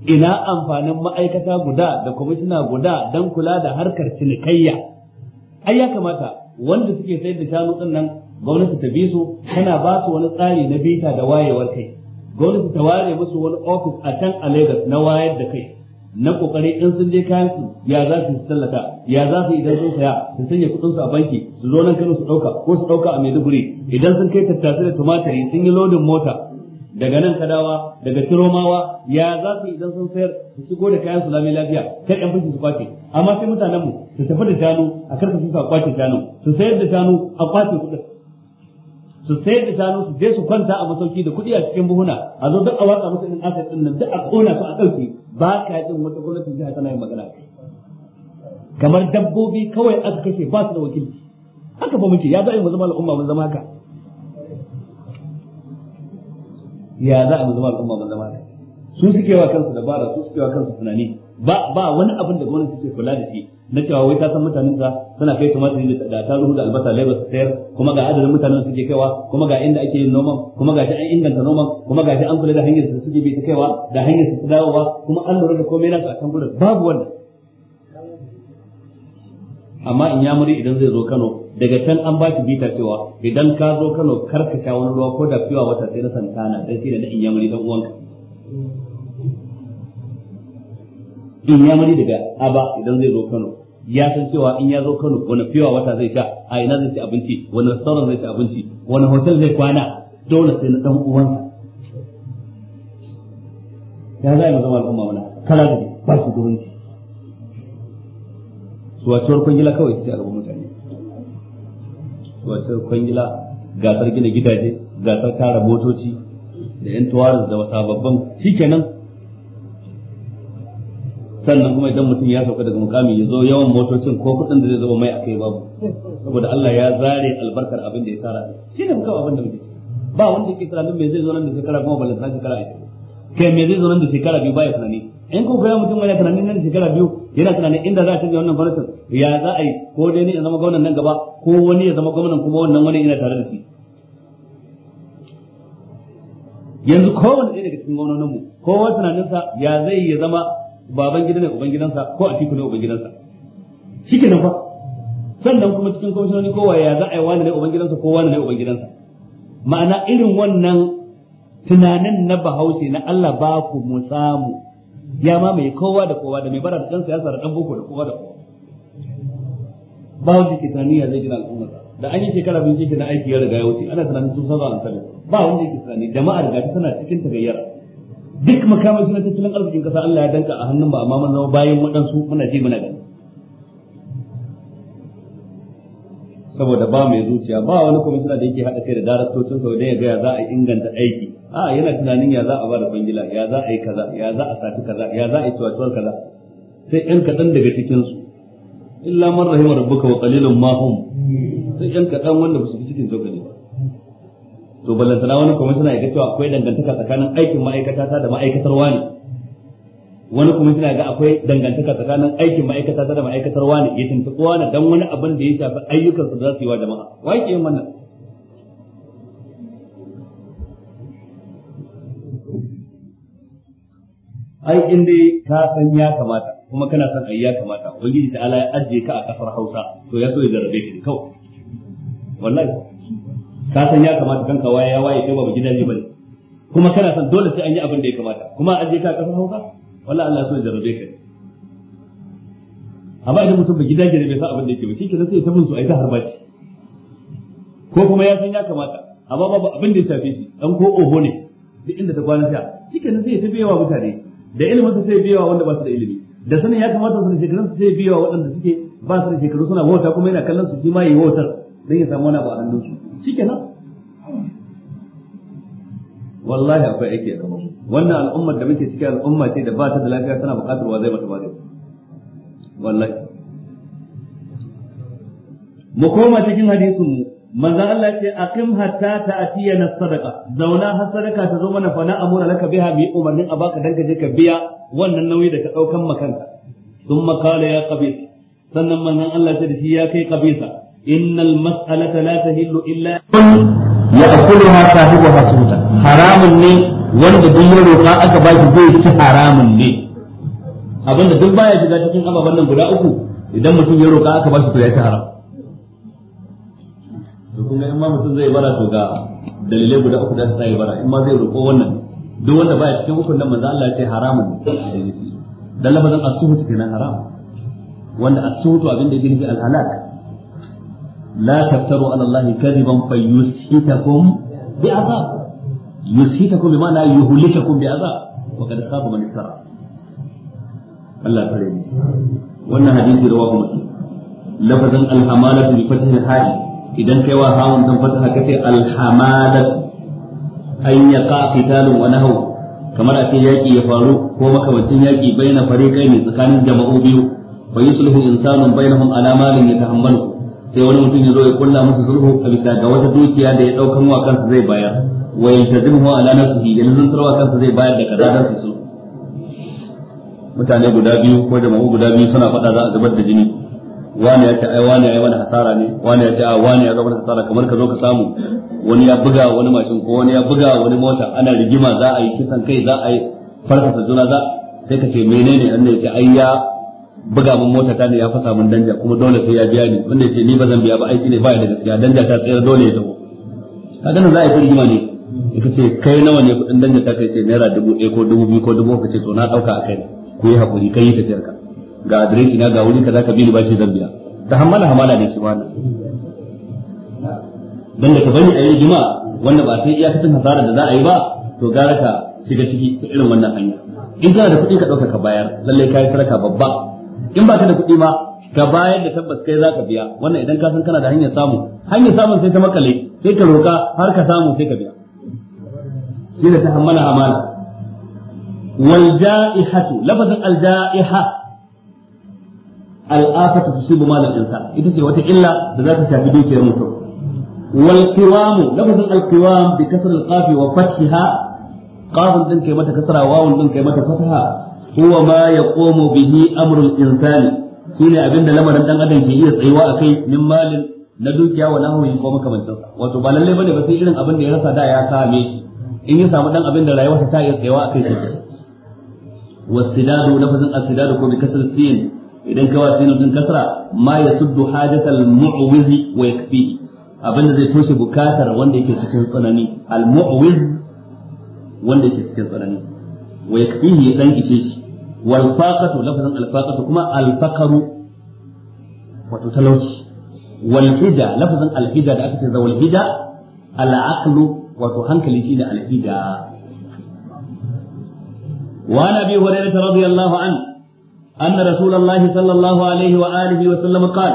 ina amfanin ma'aikata guda da kwamishina guda don kula da harkar cinikayya ai ya kamata wanda suke sayar da shanu din nan gwamnati ta bi su tana ba su wani tsari na bita da wayewar kai gwamnati ta ware musu wani ofis a can a Lagos na wayar da kai na kokari in sun je kayan su ya za su tallata ya za su idan sun saya su sanya kudin su a banki su zo nan Kano su dauka ko su dauka a Maiduguri idan sun kai tattasai da tumatiri sun yi lodin mota daga nan kadawa daga turomawa ya za su idan sun sayar su shigo da kayan sulami lafiya kai yan fushi su kwace amma sai mutanenmu su tafi da shanu a karfe su a kwace shanu su sayar da shanu a kwace kuɗin su sayar da shanu su je su kwanta a masauki da kuɗi a cikin buhuna a zo duk a watsa musu in aka din nan duk a kona su a ɗauke ba ka yi wata gwamnatin jiha tana yin magana kamar dabbobi kawai aka kashe ba su da wakilci haka fa muke ya ga mu zama al'umma mu zama haka ya za a zama al'umma ban zama su suke wa kansu dabara su suke wa kansu tunani ba ba wani abin da gwamnati ke kula da shi na cewa wai ta san mutanen ta tana kai tumatiri da ta ruhu da albasa laiba su sayar kuma ga adadin mutanen suke kaiwa kuma ga inda ake yin noman kuma ga shi an inganta noman kuma ga shi an kula da hanyar da suke bi ta kaiwa da hanyar su dawowa kuma an lura da komai nasu a kan gurin babu wannan amma in yamuri idan zai zo Kano daga can an ba shi bita cewa idan ka zo Kano kar ka sha wani ruwa ko da fiwa wata sai na santana dan shi da na in yamuri dan uwanka in yamuri daga aba idan zai zo Kano ya san cewa in ya zo Kano wani fiwa wata zai sha a ina zai ci abinci wani restaurant zai ci abinci wani hotel zai kwana dole sai na dan uwansa ya zai mu zama al'umma mana? kala da ba shi gurinci wacewar kwangila kawai ce a mutane wacewar kwangila gasar gina gidaje gasar tara motoci da yan tuwarin da wasa sababbin shikenan sannan kuma idan mutum ya sauka daga mukami ya zo yawan motocin ko kudin da zai zuba mai akai babu saboda Allah ya zare albarkar abin da ya tara shi ne kuma abin da muke ba wanda yake tunanin me zai zo nan da shekara goma balanta shekara ashirin kai me zai zo nan da shekara biyu ba ya tunani in ko ya mutum yana tunanin nan shekara biyu yana tunanin inda za a canja wannan farashin ya za a yi ko dai ni in zama gwamnan nan gaba ko wani ya zama gwamnan kuma wannan wani ina tare da shi yanzu kowane ɗaya daga cikin gwamnonin mu kowa tunaninsa ya zai ya zama baban gida ne uban gidansa ko a tiku ne uban gidansa nan fa sannan kuma cikin kwamishinoni kowa ya za a yi wani ne uban gidansa ko wani ne uban gidansa ma'ana irin wannan tunanin na bahaushe na Allah ba ku mu samu ya mamaye kowa da kowa da mai bara da kansa ya da dan boko da kowa da kowa ba wanda ke tunani ya zai gina al'umma da an yi shekara biyu shi na aiki ya riga ya wuce ana tunanin sun saba al'umma ba wanda ke tunani jama'a da gata tana cikin tagayyara duk makamai suna tattalin arzikin kasa Allah ya danka a hannun ba amma mun zama bayan waɗansu muna ji muna gani saboda ba mai zuciya ba wani suna da yake haɗa kai da daraktocin sau da ya gaya za a inganta aiki a yana tunanin ya za a ba da kwangila ya za a yi kaza ya za a sati kaza ya za a yi tuwatuwar kaza sai yan kaɗan daga cikinsu illa man rahima rabbuka wa qalilun ma hum sai yan kaɗan wanda ba su fi cikin zogale ba to ballantana wani kwamishina ya ga cewa akwai dangantaka tsakanin aikin ma'aikata ta da ma'aikatar wani wani kuma suna ga akwai dangantaka tsakanin aikin ma'aikata ta da ma'aikatar wani ya tuntuɓi wani dan wani abin da ya shafi ayyukansu da za su yi wa jama'a wa yake yin wannan ai in dai ka san ya kamata kuma kana san ai ya kamata ubangiji ta ala ya ajiye ka a kasar Hausa to ya so ya zarrabe ki kawai wallahi ka san ya kamata kanka waye ya waye kai ba gidaje bane kuma kana san dole sai an yi abin da ya kamata kuma ajiye ka a kasar Hausa wallahi Allah ya so ya zarrabe ka amma idan mutum ba gidaje ne bai san abin da yake ba shi kenan sai ya tabin su ai ta harbaci ko kuma ya san ya kamata amma babu abin da ya shafe shi dan ko oho ne duk inda ta kwana sai shikenan sai ya tafi yawa mutane da ilimin sai biya wanda ba su da ilimi da sanin ya kamata su shekarun su sai biyawa waɗanda suke ba su da shekaru suna wauta kuma yana kallon su shi ma yi wautar dan ya samu wani abu a hannun su shikenan wallahi akwai aiki a gaban wannan al'ummar da muke cikin al'umma ce da ba ta da lafiya tana buƙatar wa zai mata magani wallahi mu koma cikin hadisin mu manzon Allah ce a aqim hatta na sadaka zauna har sadaka ta zo mana fa na amura laka biha bi umarnin a baka dan ka biya wannan nauyi da ka daukan makanka sun qala ya qabis sannan manzon Allah ce da shi ya kai qabisa innal mas'alata la tahillu illa ya'kuluha sahibuha hasuta. haramun ne wanda duk ya roƙa aka ba shi zai ci haramun ne abinda duk baya shiga cikin ababen nan guda uku idan mutum ya roƙa aka ba shi to ya ci haram to kun ga in ma mutum zai bara to ga dalilai guda uku da sai bara in ma zai roƙo wannan duk wanda baya cikin ukun nan manzo Allah ya ce haramun dan lafazin as-suhut kenan haram wanda as-suhut abin da yake al-halak la taftaru ala Allah kadiban fayushitakum bi'azab yushitakum bima la yuhlikakum bi'azab wa qad khaba man iftara Allah fare ni wannan hadisi rawahu muslim lafazin al-hamalatu bi fathil ha'i idan kai wa hawan dan fataha ce alhamadat an yaqa qitalun wa nahu kamar a ce yaki ya faru ko makamancin yaki bayana fariqai ne tsakanin jama'u biyu fa yusluhu insanu bainahum ala malin yatahammalu sai wani mutum ya zo ya kulla musu sulhu a bisa ga wata dukiya da ya daukan wa kansa zai bayar wa yaltazimuhu ala nafsihi da nan wa kansa zai bayar da kadadan su mutane guda biyu ko jama'u guda biyu suna faɗa za a zubar da jini wani ya ce ai wani ya yi mana hasara ne wani ya ce a wani ya zama mana hasara kamar ka zo ka samu wani ya buga wani mashin ko wani ya buga wani mota ana rigima za a yi kisan kai za a yi farfasa juna za sai ka ce menene an ya ce ai ya buga mun mota ta ne ya fasa mun danja kuma dole sai ya biya ni wanda ya ce ni ba zan biya ba ai shine ya da gaskiya danja ta tsayar dole ya tafi kaga nan za a yi rigima ne ita ce kai nawa ne kudin danja ta kai ce naira dubu ɗaya ko dubu biyu ko dubu uku ce to na ɗauka a kai ku yi hakuri kai yi tafiyar ka ga adireshi na ga wuri kaza ka bi bashi zan biya ta hamala hamala ne shi wannan dan da ka bani a yi juma'a wanda ba sai kacin hasarar da za a yi ba to gara ka shiga ciki ta irin wannan hanya in kana da kuɗi ka ɗauka ka bayar lallai ka yi saraka babba in ba ka da kuɗi ma ka bayar da tabbas kai za ka biya wannan idan ka san kana da hanyar samu hanyar samun sai ta makale sai ka roka har ka samu sai ka biya shi da ta hamala hamala wal ja'ihatu lafazin al ja'iha al'afatu tusibu malal insan ita ce wata illa da za ta shafi dukiyar mutum wal qiwam lafazin al qiwam bi kasr al qaf wa fathiha qafun din kai mata kasra wawun din kai mata fataha huwa ma yaqumu bihi amrul insani shine abinda lamarin dan adam ke iya tsayuwa akai min malin na dukiya wa nahwi ko makamancin sa wato ba lalle bane ba sai irin abin da ya rasa da ya same shi in ya samu dan abin da rayuwarsa ta iya tsayuwa akai shi wasidadu lafazin asidadu ko bi kasr sin idan ka wasu yin kasra ma yasuddu hajatal mu'wizi wa yakfihi abinda zai toshe bukatar wanda yake cikin tsanani al mu'wiz wanda yake cikin tsanani wa yakfihi dan ishe shi wal faqatu lafazan al faqatu kuma al faqru wato talauci wal hija lafazan al hija da aka ce zawal hija al aqlu wato hankali shine al hija wa nabi hurairah radiyallahu anhu أن رسول الله صلى الله عليه وآله وسلم قال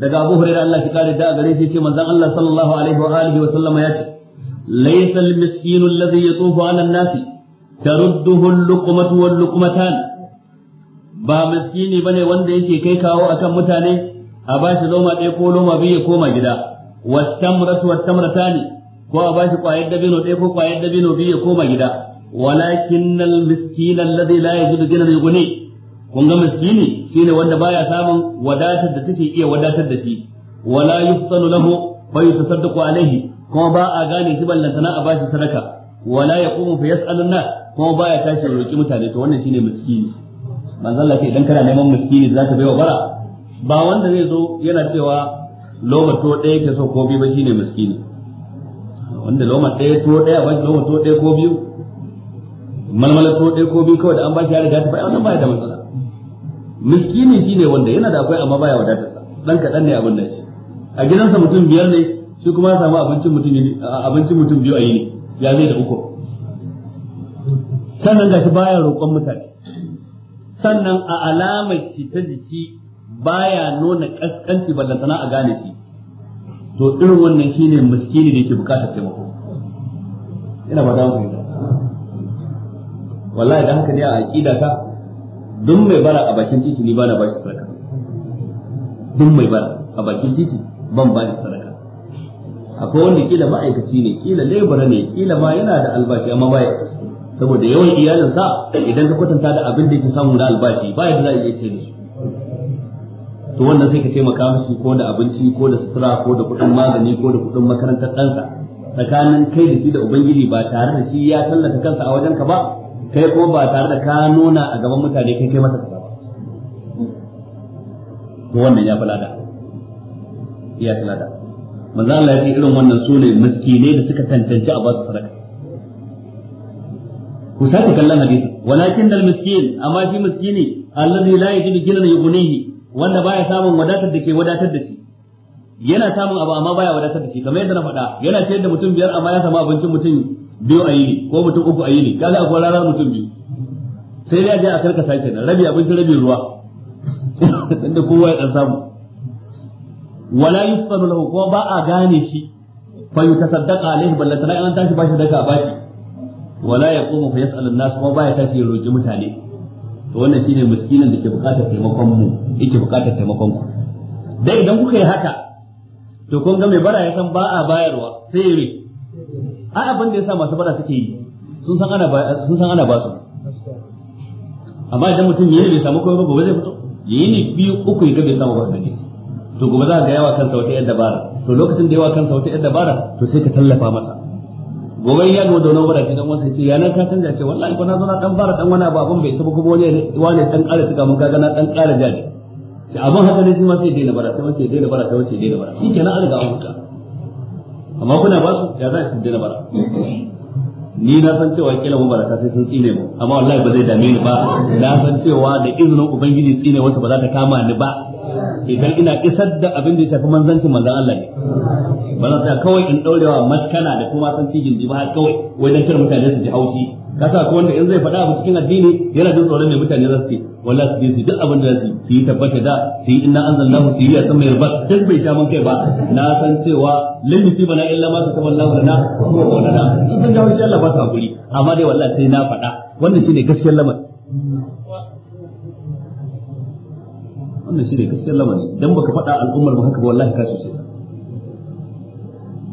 daga Abu Hurairah Allah shi kare da a gare shi ce manzon Allah sallallahu alaihi wa alihi wa sallam ya ce laysa al-miskinu alladhi yatufu 'ala an-nasi tarudduhu al-luqmatu wal-luqmatan ba miskini bane wanda yake kai kawo akan mutane a bashi loma ɗaya ko loma biyu ya koma gida wat-tamratu wat-tamratani ko a bashi kwayar dabino ɗaya ko kwayar dabino biyu ya koma gida walakin al-miskina alladhi la yajidu ghinan yughni kun ga miskini shine wanda baya samun wadatar da take iya wadatar da shi wala yuftanu lahu fa yutasaddaqu alaihi kuma ba a gane shi ballantana a bashi sadaka wala yaqumu fa yas'alun nas kuma baya tashi roki mutane to wannan shine miskini manzo Allah idan kana neman miskini ka baiwa bara ba wanda zai zo yana cewa loma to ɗaya ke so ko biyu ba shine miskini wanda loma ɗaya to ɗaya ba loma to ɗaya ko biyu malmala to ɗaya ko biyu kawai da an bashi ya riga ta fa wannan baya da matsala miskini shine wanda yana da akwai amma baya wadatarsa dan kadan ne abin da shi a gidansa mutum biyar ne shi kuma ya samu abincin mutum abincin mutum biyu a yini ya zai da uku sannan gashi baya roƙon mutane sannan a alamar shi ta jiki baya nuna kaskanci ballantana a gane shi to irin wannan shine miskini da yake bukatar taimako ina ba za mu fahimta wallahi da haka ne a aqida ta duk mai bara a bakin titi ni bana bashi sadaka duk mai bara a bakin titi ban bashi sadaka akwai wanda kila ma'aikaci ne kila lebura ne kila ma yana da albashi amma baya saboda yawan iyalinsa idan ka kwatanta da abin da yake samu na albashi baya da za a iya ce da shi to wannan sai ka taimaka musu ko da abinci ko da sutura ko da kuɗin magani ko da kuɗin makarantar ɗansa tsakanin kai da shi da ubangiji ba tare da shi ya tallata kansa a wajenka ba kai ko ba tare da ka nuna a gaban mutane kai kai masa kaza ba to wannan ya falada ya falada manzo Allah ya ce irin wannan sune miskinai da suka tantance a basu sadaka ku sake kallon hadisi walakin dal miskin amma shi miskini alladhi la yajidu ginan ne. wanda baya samun wadatar da ke wadatar da shi yana samun abu amma baya wadatar da shi kamar yadda na faɗa yana ce da mutum biyar amma ya samu abincin mutum biyu a yi ne ko mutum uku a yi ne kaga akwai rana mutum biyu sai dai a je a karkasa kenan rabi abinci rabi ruwa inda kowa ya dan samu wala yufsanu lahu ko ba a gane shi fa yutasaddaqa alaihi ballatan an tashi bashi daga bashi wala yaqumu fa yas'alu an-nas kuma ba ya tashi ya roki mutane to wannan shine miskinan da ke bukatar taimakon mu yake bukatar taimakon ku dai idan kuka yi haka to kun ga mai bara ya san ba a bayarwa sai ya a abin da yasa masu fada suke yi sun san ana ba sun san ana ba su amma idan mutum yayi bai samu koyo ba ba zai fito yayi ne biyu uku ya ga samu ba ne to gobe za ga yawa kansa wata yadda bara to lokacin da yawa kansa wata yadda bara to sai ka tallafa masa gobe ya ga wani bara wani sai ce ya nan ka canja ce wallahi ko na zo na dan bara dan wani abu bai saba kuma wani wani dan kare suka mun kaga na dan kare jaje sai abun haka ne shi ma sai daina bara sai wace daina bara sai wace daina bara shikenan an riga an huta amma kuna ba su ya za a sun dina bara ni na san cewa kila barata sai sun tsine mu amma wallahi ba zai dame ni ba na san cewa da izinin ubangiji tsine wasu ba za ta kama ni ba idan ina isar da abin da ya shafi manzancin manzan Allah ne ba zan tsaya kawai in daurewa maskana da kuma san cikin ji ba kawai wai dan kar mutane su ji haushi kasa ko wanda in zai faɗa abu cikin addini yana jin tsoron mai mutane za su ce wala su ji su duk abin da su su yi tabbata da su yi inna anzalnahu su yi a sama yarba duk bai sha man kai ba na san cewa lan bana illa ma ta kamar lahu lana ko wa na in kan jawo shi Allah ba sa hakuri amma dai wallahi sai na faɗa wannan shine gaskiyar lamarin wannan ne kaskiyar lamari dan baka faɗa al'ummar mu haka ba wallahi ka sosai ta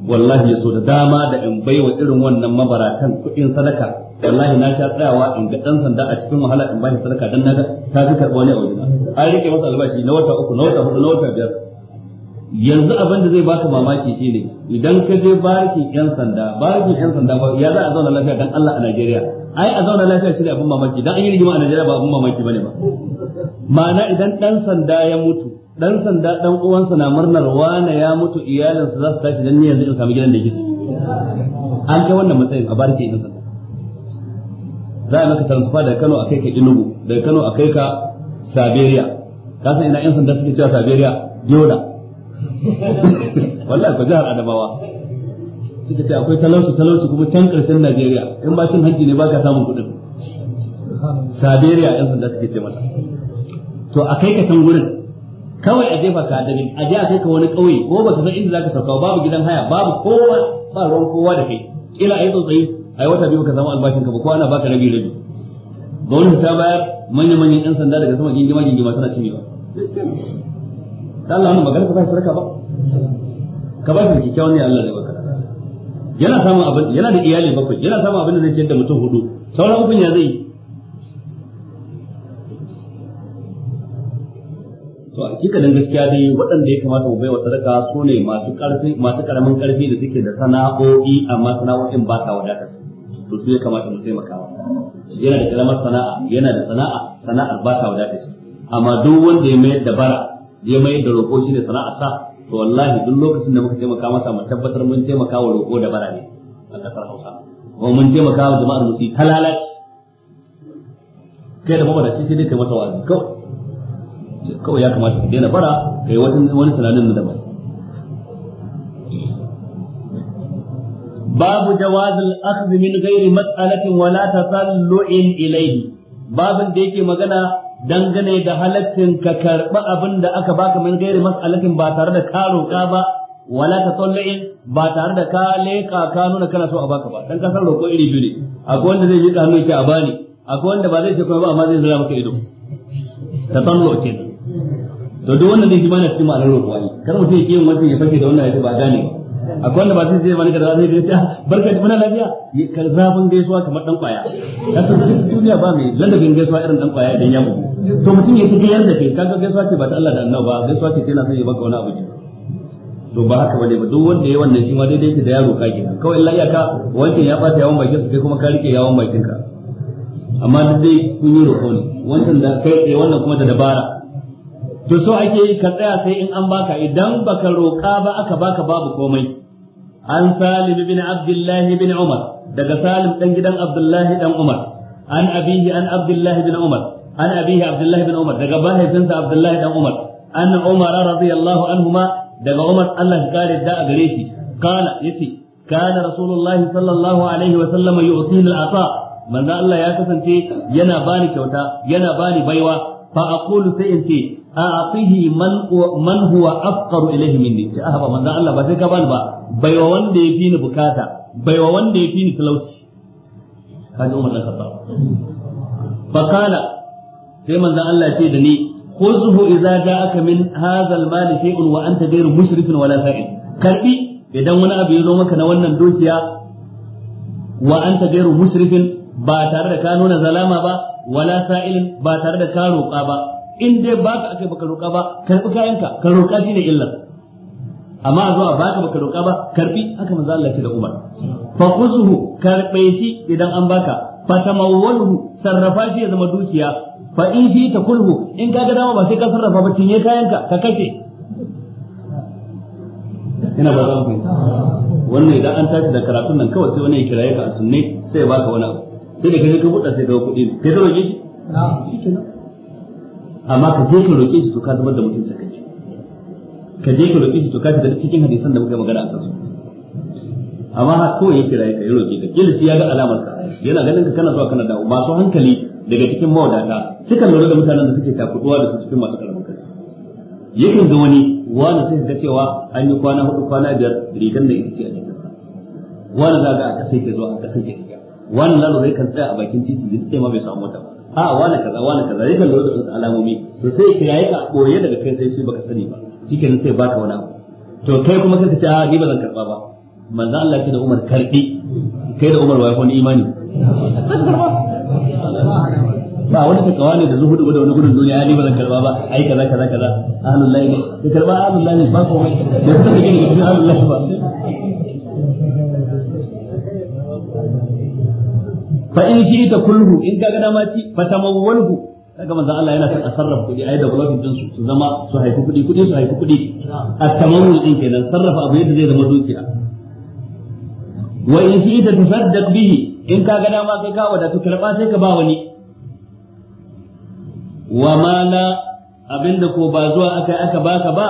wallahi yaso da dama da in baiwa irin wannan mabaratan kuɗin sadaka wallahi na sha tsayawa in ga dan sanda a cikin wahala in ba sadaka dan na ta fi karɓa ne a wajena an rike masa albashi na wata uku na wata hudu na wata biyar yanzu abin da zai baka mamaki shine idan ka je barkin yan sanda barkin yan sanda ba ya za a zauna lafiya dan Allah a Najeriya ai a zauna lafiya shine abin mamaki dan an yi rigima a Najeriya ba abin mamaki bane ba ma'ana idan dan sanda ya mutu dan sanda dan uwansa na murnar wane ya mutu iyalinsa za su tashi dan ne yanzu in samu gidan da yake an kai wannan matsayin a barkin yan sanda za a maka transfer daga Kano a kai ka Enugu daga Kano a kai ka Siberia ka san ina yan sanda suke cewa Siberia Yoda wallahi ko jihar Adamawa suka ce akwai talauci talauci kuma can karshen Najeriya in ba cin hanci ne ba ka samun kuɗin Saberiya yan sanda suke ce mata to a kai ka can gurin kawai a jefa ka da a je a kai ka wani kauye ko ka san inda zaka sauka babu gidan haya babu kowa ba ruwan kowa da kai kila ai tsotsayi ai wata biyu ka samu albashin ka ba ko ana baka rabi rabi gwamnati ta bayar manya manyan yan sanda daga sama gingima gingima suna cinewa da Allah wannan magana ba sadaka ba ka ba shi kikkiawan ne Allah da baka yana samun abin yana da iyali bakwai yana samun abin da zai ciyar da mutum hudu sauran ukun ya zai to hakikanin gaskiya dai waɗanda ya kamata mu baiwa sadaka su ne masu karfi masu karamin karfi da suke da sana'o'i amma sana'o'in ba ta wadata su to su ya kamata mu taimakawa yana da karamar sana'a yana da sana'a sana'ar ba ta wadata shi amma duk wanda ya mayar da bara ya mai da roƙo shine sana'arsa to wallahi duk lokacin da muka taimaka masa mu tabbatar mun taimaka wa roƙo da barane a ƙasar Hausa kuma mun taimaka wa jama'ar musu ta lalace kai da mabarashi sai dai kai masa wa'azi kawai kawai ya kamata ka daina bara kai wani wani tunanin na daban babu jawazil akhdh min ghairi mas'alatin wala tatallu'in ilayhi babin da yake magana dangane da halaccin ka karɓi abin da aka baka min gairi mas'alatin ba tare da ka roƙa ba wala ta tsalli'in ba tare da ka leƙa ka nuna kana so a baka ba dan kasar roƙo iri biyu ne akwai wanda zai yi hannun shi a bani akwai wanda ba zai ce kuma ba amma zai zira maka ido ta tsallo kenan to duk wanda zai shi mana cikin ma'anar roƙo ne kar mutum ya kiyon wancan ya fake da wannan ya ce ba gane ba akwai wanda ba zai zai mani kaza zai ce ah, barka muna lafiya ka karzafin gaisuwa kamar dan kwaya kasan duk duniya ba mai ladabin gaisuwa irin dan kwaya idan ya mutu to mutum ya tafi da kai kaga gaisuwa ce ba ta Allah da annabi ba gaisuwa ce tana sai ya baka wani abu to ba haka bane ba duk wanda ya wannan shi ma daidai ke da yaro ka gina kawai illa ka wancan ya bata yawan bakin su kai kuma ka rike yawan bakin ka amma duk dai kun yi roƙo ne wancan da kai tsaye wannan kuma da dabara to so ake yi ka tsaya sai in an baka idan baka roƙa ba aka baka babu komai an salim bin abdullahi bin umar daga salim dan gidan abdullahi dan umar an abihi an abdullahi bin umar an abihi abdullahi bin umar daga mahaifinsa abdullahi dan umar an umar radiyallahu anhuma daga umar Allah ya kare da a gare shi kana yace kana rasulullahi sallallahu alaihi wa sallam yu'tina al-ata manzo Allah ya kasance yana bani kyauta yana bani baiwa fa aqulu sai in ce a'tihi man man huwa afqaru ilayhi minni ce ah ba manzo Allah ba sai ka bani ba baiwa wanda ya fi ni bukata baiwa wanda ya fi ni talauci kaji Umar da Khattab fa kana sai manzo Allah ce da ni khuzhu idza ja'aka min al wa wala idan wani abu ya zo maka na wannan dukiya wa anta ghayru mushrifin ba tare da ka nuna zalama ba wala sa'ilin ba tare da ka roƙa ba in dai ba ka akai baka roƙa ba karɓi kayanka ka roƙa shi ne illa amma a zuwa baka baka roƙa ba karɓi haka manzo Allah ce da Umar fa khuzhu karɓe shi idan an baka fa tamawwalhu sarrafa shi ya zama dukiya fa in shi ta kulhu in kaga dama ba sai ka sarrafa ba cinye kayanka ka kashe ina ba zan mu fahimta wannan idan an tashi da karatun nan kawai sai wani ya kiraye ka a sunne sai ya baka wani abu sai da kaje ka buɗa sai ga kuɗi kai ka roƙe shi shikenan amma ka je ka roƙe shi to ka zubar da mutunci kai ka je ka roƙe shi to ka shiga cikin hadisan da muka yi magana a kansu amma ha ko ya kira ka ya roƙe ka kila shi ya ga alamar ka yana ganin ka kana zuwa kana dawo masu hankali daga cikin mawadata sukan lura da mutanen da suke takuduwa da su cikin masu karamin kai yakan ga wani wani sai ga cewa an yi kwana hudu kwana biyar rigar da ita ce a cikin sa wani za ga aka sai ka zo aka sai ka wani lalo zai kan tsaya a bakin titi da ta ma bai samu mota ba a wani kaza wani kaza ya kallo da wasu alamomi to sai ka yayi ka boye daga kai sai shi baka sani ba shikenan sai baka wani abu to kai kuma sai ka ce ni ba zan karba ba manzo Allah ce da Umar karbi kai da Umar wai ko imani ba wani ta kawane da zuhudu da wani gudun duniya ni ba zan karba ba ai kaza kaza kaza ahlul ne ka karba ahlul lahi ba ko mai da suka gani ahlul lahi ba fa in shi ta kulhu in ka ga dama ci fa tamawwalhu kaga manzo Allah yana son a sarrafa kuɗi ayi da bulletin din su su zama su haifi kuɗi kuɗi su haifi kuɗi at-tamawul din kenan sarrafa abu yadda zai zama dukiya wa in shi ta tusaddaq bihi in ka ga dama kai ka wadatu karba sai ka ba wani wa mala abinda ko ba zuwa aka aka baka ba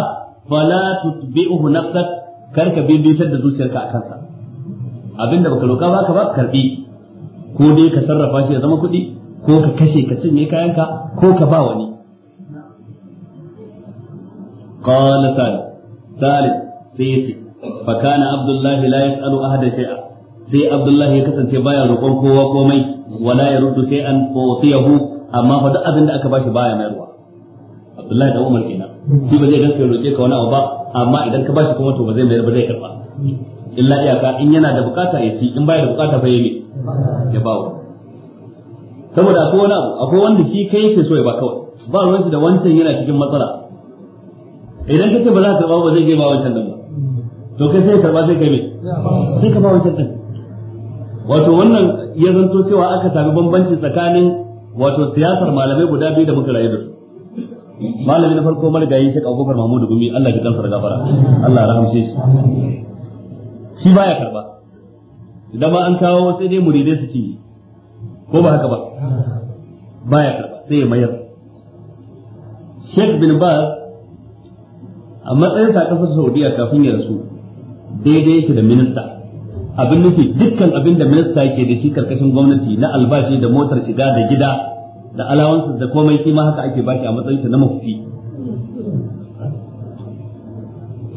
fala tutbi'uhu nafsak karka bibitar da zuciyarka akan sa abinda baka roka baka ba karbi ko dai ka sarrafa shi ya zama kuɗi ko ka kashe ka cinye kayanka ko ka ba wani qala salih salih sai yace fa kana abdullahi la yasalu ahada shay'a sai abdullahi ya kasance baya roƙon kowa komai wala ya ruddu shay'an fa utiyahu amma fa duk abin da aka bashi baya mayarwa abdullahi da umar kenan shi ba zai ganka roƙe ka wani abu ba amma idan ka bashi kuma to ba zai mayar ba zai karba illa iyaka in yana da bukata ya ci in baya da bukata fa yayi ya bawa saboda akwai wani abu akwai wanda shi kai yake so ya ba kawai ba ruwan shi da wancan yana cikin matsala idan kace ba za ka karba ba zai je ba wancan nan ba to kai sai karba sai kai me sai ka ba wancan din wato wannan ya zanto cewa aka sami bambanci tsakanin wato siyasar malamai guda biyu da muka rayu da su malami na farko marigayi shi Abubakar Mahmud Gumi Allah ya kansa da gafara Allah ya rahmshe shi shi baya karba idan ma an kawo sai dai muridai su ci, ko ba haka ba baya karba sai ya mayar Sheikh bin Baz a matsayin sa kafa Saudiya kafin ya rasu daidai yake da minista abin nufi dukkan abin da minista yake da shi karkashin gwamnati na albashi da motar shiga da gida da alawansu da komai shi ma haka ake bashi a matsayin sa na mafufi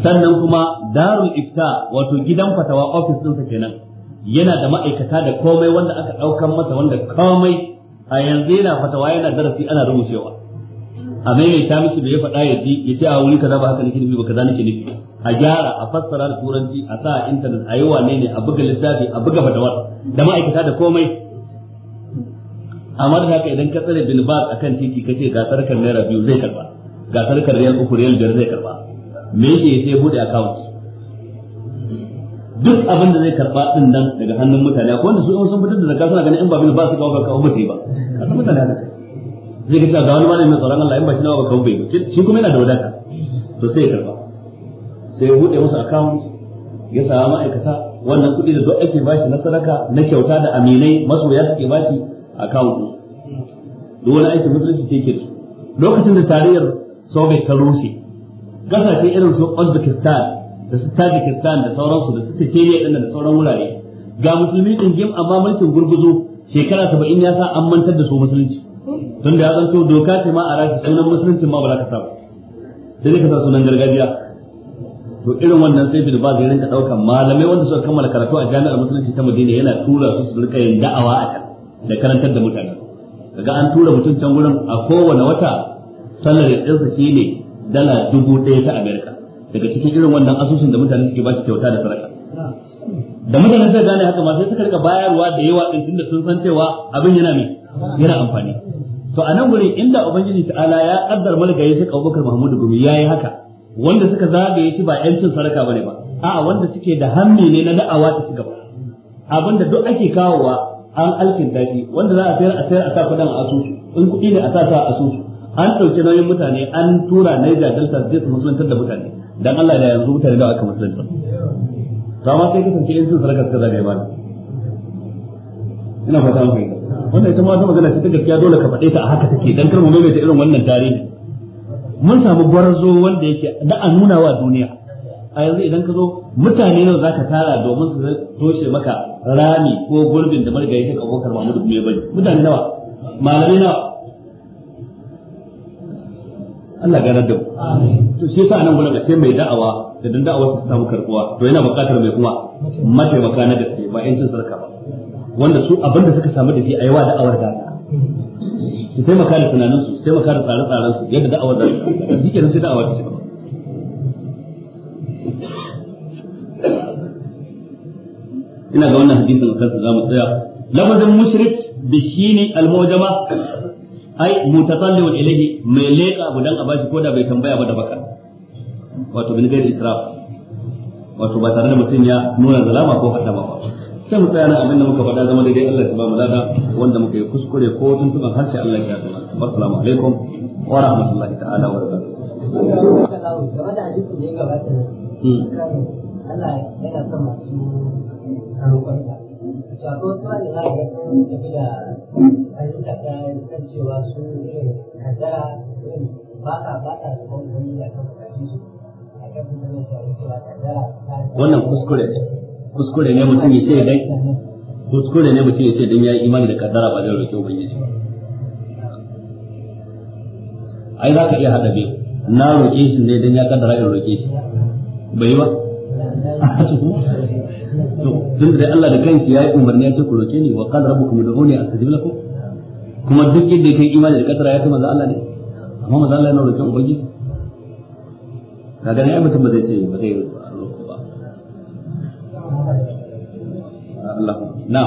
sannan kuma darul ifta wato gidan fatawa ofis ɗinsa kenan yana da ma'aikata da komai wanda aka ɗaukan masa wanda komai a yanzu yana fatawa yana darasi ana rubucewa a maimaita mishi da ya faɗa ya ji ya ce a wuri kaza ba haka nake nufi ba kaza nake nufi a gyara a fassara da turanci a sa a intanet a yi wane ne a buga littafi a buga fatawar da ma'aikata da komai amma da haka idan ka tsare bin ba kan titi ka ce gasar kan naira biyu zai karba gasar kan riyal uku riyal biyar zai karba me yake sai bude account duk abin da zai karba din nan daga hannun mutane akwai wanda su sun fitar da zakka suna ganin in ba bin ba su kawo ba kawo ba ta ba kasan mutane da sai zai ga cewa ga wani malami mai tsaron Allah in ba shi nawa ba kawo bai shi kuma yana da wadata to sai ya karba sai ya bude musu account ya sa ma'aikata wannan kuɗi da duk ake bashi na sadaka na kyauta da aminai masoya suke bashi account duk wani aikin musulunci ke ke lokacin da tarihiyar Soviet ta rushe kasashe irin su Uzbekistan da su Tajikistan da sauransu da su Chechnya din da sauran wurare ga musulmi din gim amma mulkin gurguzo shekara 70 ya sa an mantar da su musulunci tun da ya zanto doka ce ma a rashi sunan musulunci ma ba za ka sa ba ka sa sunan gargajiya to irin wannan sai da ba zai rinka daukan malamai wanda suka kammala karatu a jami'ar musulunci ta Madina yana tura su su rika yin da'awa a can da karantar da mutane daga an tura mutum can gurin a kowane wata salari ɗinsa shine dala dubu ɗaya ta Amerika daga cikin irin wannan asusun da mutane suke ba shi kyauta da sadaka da mutane suka gane haka ma sai suka rika bayarwa da yawa din tunda sun san cewa abin yana yana amfani to a nan gurin inda ubangiji ta'ala ya kaddar malgayi shi Abubakar Muhammadu Gumi yayi haka wanda suka zagaye shi ba yancin sadaka bane ba a'a wanda suke da hammi ne na da'awa ta ci gaba abinda duk ake kawowa an alkin dashi wanda za a sayar a sayar a sa kudin asusu in kudi ne a sa sa asusu an dauki nauyin mutane an tura Niger Delta zai je su da mutane dan Allah da yanzu mutane da aka musulunta to amma sai kasance in sun sarka suka zagaye ba ina fata mun fahimta wannan ita ma ta magana ce ta gaskiya dole ka faɗe ta a haka take dan kar mu maimaita irin wannan tarihi mun samu gwarzo wanda yake da a nuna wa duniya a yanzu idan ka zo mutane nawa zaka tara domin su toshe maka rami ko gurbin da marigayi shi abokar Mahmud Gumi bane mutane nawa malamai nawa Allah ganar da mu to shi yasa anan gurin sai mai da'awa da dan da'awa su samu karbuwa to yana buƙatar mai kuma mataimaka na gaske ba yancin sarka ba wanda su abinda suka samu da shi a yawa da'awar da su taimaka da tunanin su taimaka da tsare-tsaren su yadda da'awar da su shi kenan sai da'awa ta shiga ina ga wannan hadisin kansa za mu tsaya lafazin mushrik bishini almujama ai mutasalliun ilayhi mai leka abu dan a bashi ko da bai tambaya ba da baka wato bin gairi israf wato ba tare da mutum ya nuna zalama ko hadama ba sai mu tsaya nan abin da muka faɗa zama daidai Allah ya ba mu lada wanda muka yi kuskure ko tuntuban harshe Allah ya tsara assalamu alaikum wa rahmatullahi ta'ala wa barakatuh hmm. Allah yana son masu ba wasu su wani za ka tafi da fahimta ta kan cewa su irin kaddara ba ka ba ka da wani da kan bukatun su a kan kuma na tsarin cewa kaddara wannan kuskure ne kuskure ne mutum ya ce dai kuskure ne mutum ya ce dan yi imani da kaddara ba zai roki ubangiji ba ai za ka iya hada biyu na roke shi ne dan ya kaddara in roke shi bai ba duk da Allah da kanshi yayi umarni ya ce ku roke ni wa qala rabbukum ud'uni astajib lakum kuma duk inda kai imani da kadara ya ce manzo Allah ne amma manzo Allah yana roke ubangi kaga ne mutum ba zai ce ba zai roke ba Allah na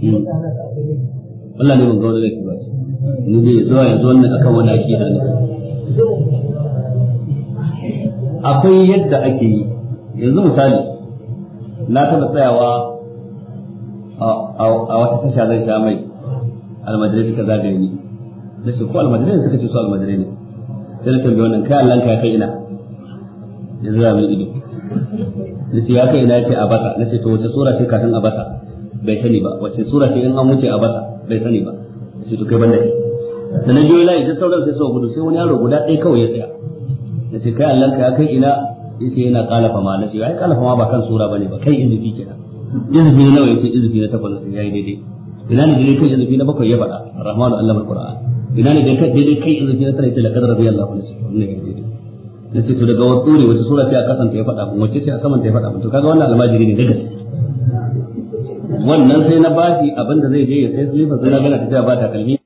hmm. Allah ne mun ga wani laifi ba shi ni zai zuwa yanzu wannan akan wani da ne akwai yadda ake yi yanzu misali na taɓa tsayawa a wata tasha zai sha mai almadirai suka zagaye ni na shi ko almadirai suka ce su almadirai ne sai na tambayi wannan kai allanka ya kai ina ya zira min ido na shi ya kai ina ce a basa na ce to wace sura ce kafin a basa bai sani ba wace sura ce in an wuce a basa bai sani ba na shi to kai banda kai da na biyo layi duk sauran sai sau gudu sai wani yaro guda ɗaya kawai ya tsaya na ce kai allanka ya kai ina yace yana kalafa ma na ce ai kalafa ma ba kan sura bane ba kai izufi kenan izufi na nawa yace izufi na takwas sai yayi daidai ina ne daidai kai izufi na bakwai ya faɗa rahmanu allama alquran ina ne daidai kai izufi na tara yace laqad radiyallahu anhu ne daidai na ce to daga watturi wace sura ce a kasan ta ya faɗa mun wace ce a saman ta ya faɗa mun to kaga wannan almajiri ne da gaske wannan sai na bashi abinda zai je ya sai silifar sai na gana tafiya ba takalmi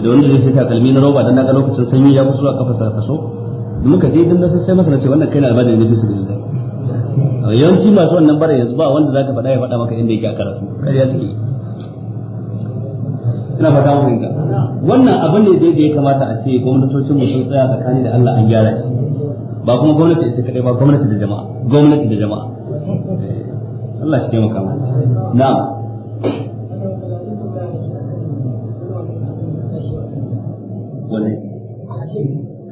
da wanda zai sai takalmi na roba dan na ga lokacin sanyi ya kusa a kafa sarkaso muka je dan sai masa na ce wannan kai na albani ne bisu billah yawanci masu wannan bara yanzu ba wanda zaka faɗa ya faɗa maka inda yake a karatu kariya suke ina fata mu fahimta wannan abin ne da ya kamata a ce gwamnatocin mu sun tsaya tsakani da Allah an gyara shi ba kuma gwamnati ita kadai ba gwamnati da jama'a gwamnati da jama'a eh, Allah shi taimaka mu na'am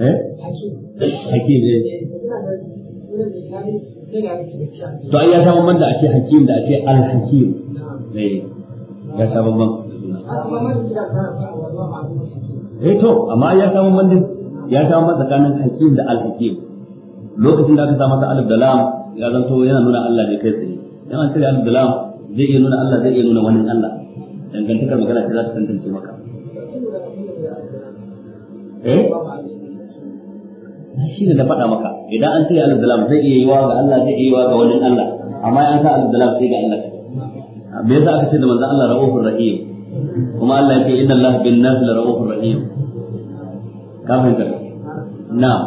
eh hakim ne to ai ya sha bamban da ake hakim da ake al-hakim eh ya sha bamban eh to amma ya sha bamban din ya sha bamban tsakanin hakim da al-hakim lokacin da aka sa masa alif da lam ya zanto yana nuna Allah ne kai tsaye dan an cire alif da lam zai iya nuna Allah zai iya nuna wani Allah dangantakar magana ce za su tantance maka eh shi ne na faɗa maka idan an sai al-zalam zai iya yiwa ga Allah zai iya yiwa ga wani Allah amma an sa al-zalam sai ga Allah me yasa aka ce da manzo Allah rahufur rahim kuma Allah ya ce inna Allah bin nas la rahufur rahim ka fahimta na'am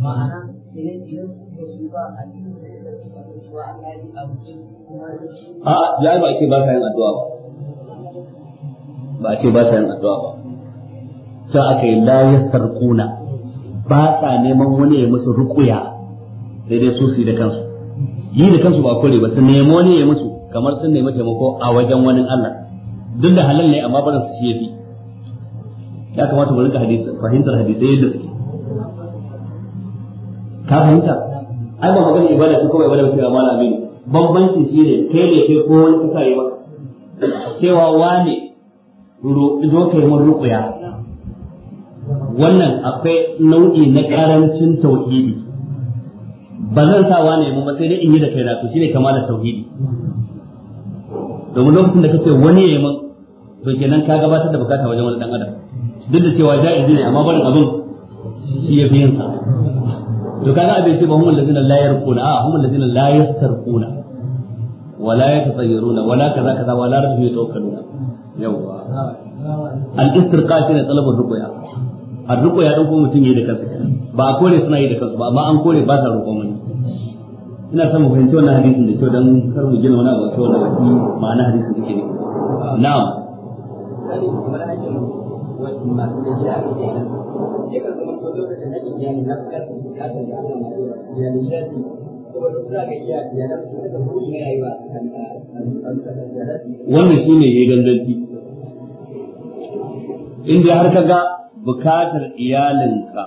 ma'ana idan idan ba su ba a cikin da ya zama cewa Allah ya yi abu kuma a ya ba ake ba kayan addu'a ba ba a ce ba sa yin addu'a ba sai aka yi la yastarquna ba sa neman wani ya musu ruqya daidai su su da kansu yi da kansu ba kore ba su nemo ne ya musu kamar sun nemi taimako a wajen wani Allah duk da halal ne amma barin su shi yafi ya kamata mu rinka hadisi fahimtar hadisai yadda suke ka fahimta ai ba magana ibada ce kuma ibada ce amma na amini bambanci shi ne kai ne kai ko wani kasa yi ba. cewa wane zo ka yi ruƙuya wannan akwai nau'i na ƙarancin tauhidi ba zan sa wani mu sai dai in yi da kai na to shine kamalar tauhidi domin lokacin da kace wani ya yi min to kenan ka gabatar da bukata wajen wani dan adam duk da cewa ja'izi ne amma barin abin shi ya fi yin sa to kaga abin sai ba humul ladina la yarquna a humul ladina la yastarquna wala yatasayyaruna wala kaza kaza wala rabbi yatawakkaluna yawwa al-istirqa shine talabar ruqya a ruqya dan ko mutum yayi da kansa ba a kore suna yi da kansu ba amma an kore ba sa roƙon wani ina son mu fahimci wannan hadisin da kyau dan kar mu gina wani abu kyau da wasu ma'ana hadisin take ne na'am da ake na bukatar bukatar ne ya yi su ganganci in dai har kaga bukatar iyalinka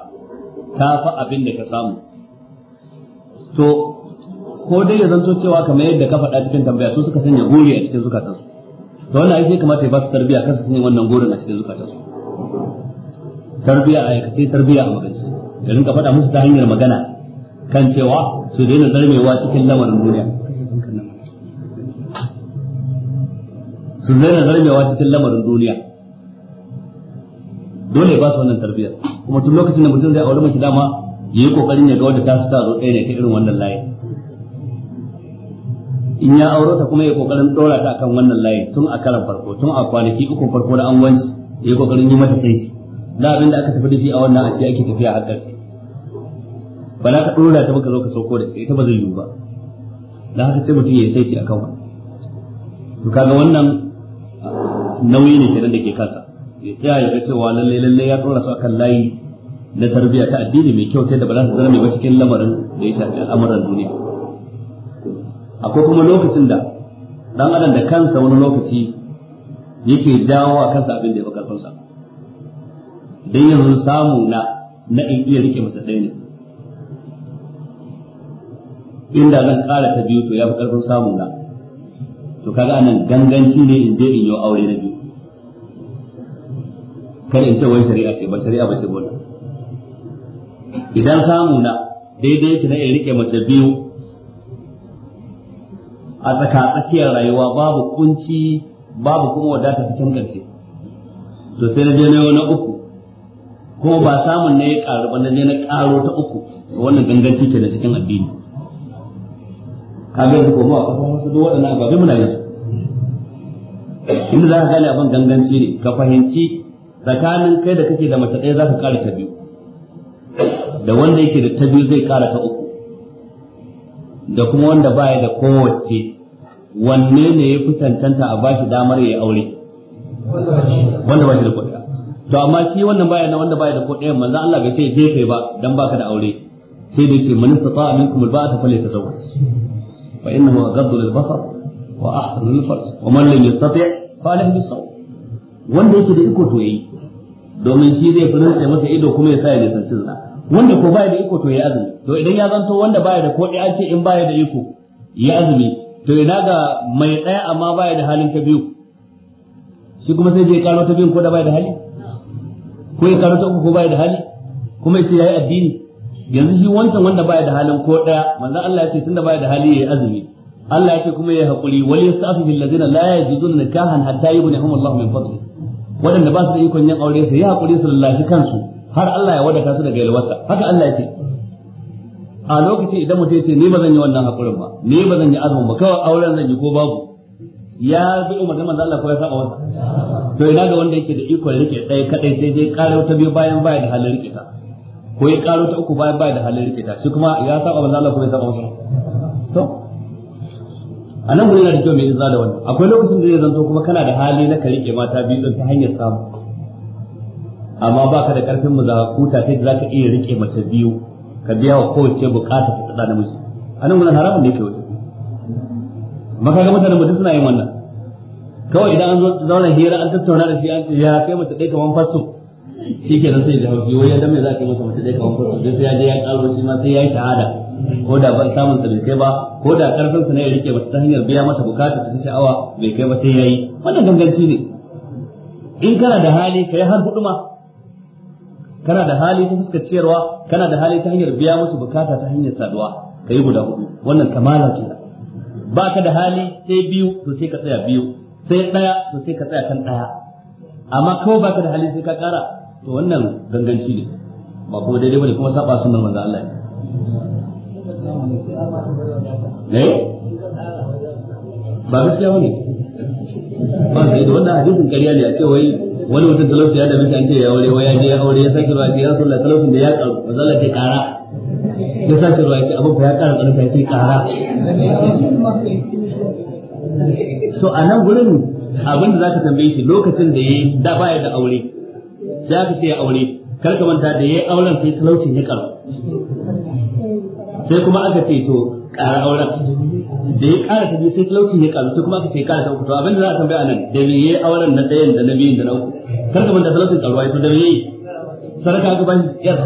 ta fi abin da ka samu to ko dai ya zanto cewa kamar yadda ka faɗa cikin tambaya su suka sanya gori a cikin zukatansu to wannan ai kamar ya ba su tarbiya kansu sanya wannan gurin a cikin zukatansu tarbiya a aikace tarbiya a magance da rinka faɗa musu ta hanyar magana kan cewa su daina zarmewa cikin lamarin duniya su daina zarmewa cikin lamarin duniya dole ba su wannan tarbiyyar kuma tun lokacin da mutum zai aure mace dama ya yi kokarin ya ga wadda ta su taro ɗaya ne ta irin wannan layi in ya auro ta kuma ya kokarin dora ta akan wannan layi tun a karan farko tun a kwanaki uku farko na angwanci ya yi kokarin yi mata sai da abin da aka tafi da shi a wannan ashe ake tafiya a ƙarshe ba za ka dora ta baka zo ka sauko da ita ita ba zai yiwu ba da haka sai mutum ya yi saiti kan wannan to kaga wannan ah, nauyi ne kenan da ke kansa ya tsaya ya ga cewa lallai lalle ya dora su akan layi na tarbiyya ta addini mai kyau da ba za su mai ba cikin lamarin da ya shafi al'amuran duniya akwai kuma lokacin da dan adam da kansa wani lokaci yake jawo a kansa abin da ya fi kansa dan yanzu samu na na in iya rike masa dai ne inda zan kara ta biyu to ya fi ƙarfin samu na to kaga anan ganganci ne in je in yi aure na biyu Kar in ce wai shari'a ce ba shari'a ba ce bane idan samu na daidai yake na in rike mace biyu a tsaka tsakiyar rayuwa babu kunci babu kuma wadata ta can karshe to sai na je na na uku kuma ba samun na ya karu ba na je na karo ta uku wannan ganganci ke da cikin addini kaga ko a kusan wasu duk waɗannan ababe muna yin su inda za ka gane abin ganganci ne ka fahimci tsakanin kai da kake da mace ɗaya za ka ƙara ta biyu da wanda yake da ta biyu zai ƙara ta uku da kuma wanda baya da kowace wanne ne ya fi cancanta a bashi damar ya aure wanda ba shi da kuɗi to amma shi wannan baya na wanda baya da kuɗi manzo Allah bai ce je kai ba dan baka da aure sai dai ce man istata'a minkum alba'ata falyatazawwaj fa innahu aghaddu lilbasar wa ahsanu lilfarj wa man lam yastati' fa alayhi bisawm wanda yake da iko to yayi domin shi zai fi rantsa masa ido kuma ya sa ya nisanci zina wanda ko baya da iko to ya azumi to idan ya zanto wanda baya da ko an ce in baya da iko ya azumi to ina ga mai ɗaya amma baya da halin ta biyu shi kuma sai je karo ta biyu ko da baya da hali ko ya karo ta uku ko baya da hali kuma ya ce ya yi addini yanzu shi wancan wanda baya da halin ko ɗaya, wanzan Allah ya ce tunda baya da hali ya azumi Allah ya ce kuma yayi hakuri wal yastafi bil ladina la yajiduna nikahan hatta yughnihum Allah min fadli waɗanda ba su da ikon yin aure su ya hakuri su lallashi kansu har Allah ya wadata su daga yalwarsa haka Allah ya ce a lokacin idan mutum ya ce ni ba zan yi wannan hakurin ba ni ba zan yi azumin ba kawai auren zan yi ko babu ya bi umarnin manzo Allah ko ya saba wannan to ina ga wanda yake da ikon rike ɗaya kadai sai dai karo ta biyu bayan baya da halin rike ta ko ya karo ta uku bayan baya da halin rike ta shi kuma ya saba manzo Allah ko ya saba wannan to a nan gudunar da kyau mai izza da wannan akwai lokacin da zai zanto kuma kana da hali na ka rike mata biyu ta hanyar samu amma ba ka da karfin mu kuta ta za ka iya rike mace biyu ka biya wa kowace bukata ta tsada namiji a nan gudunar haramun ya ke wata ga mutanen mutu suna yin wannan kawai idan an zauna hira an tattauna da shi an ce ya kai mace ɗaya kamar fasto shi ke nan sai ya haushi wai yadda mai za a kai masa mace ɗaya kamar fasto sai ya je ya ƙaro shi ma sai ya yi shahada ko da ban samun sa bai kai ba ko da karfin sa ne ya rike mata ta hanyar biya mata bukata ta sha'awa bai kai ba sai yayi wannan ganganci ne in kana da hali kai har hudu ma kana da hali ta fuskar ciyarwa kana da hali ta hanyar biya musu bukata ta hanyar saduwa kai guda hudu wannan kamala ce ba ka da hali sai biyu to sai ka tsaya biyu sai ɗaya to sai ka tsaya kan ɗaya amma kawai ba ka da hali sai ka ƙara to wannan ganganci ne ba kuma daidai bane kuma saba sunan manzo Allah ne eh ba gaskiya bane ba sai da wannan hadisin ƙarya ne a ce wai wani mutum talauci ya da mishi an ce ya aure waya je ya aure ya sake ruwa ce ya rasulullah talaucin da ya karu ba Allah ce kara ya sake ruwa ce abin ya kara karanta ce kara to a nan gurin abin da zaka tambaye shi lokacin da ya yi, da baya da aure sai aka ce ya aure kar ka manta da ya yi auren sai talaucin ya karu sai kuma aka ce to ƙara auren da ya ƙara ta sai talauci ya ƙaru sai kuma aka ce ƙara ta uku to abin da za a tambaya nan da me yayi auren na ɗayan da na biyun da na uku kar ka manta talaucin ƙaruwa ya to da me yayi sadaka aka bashi yar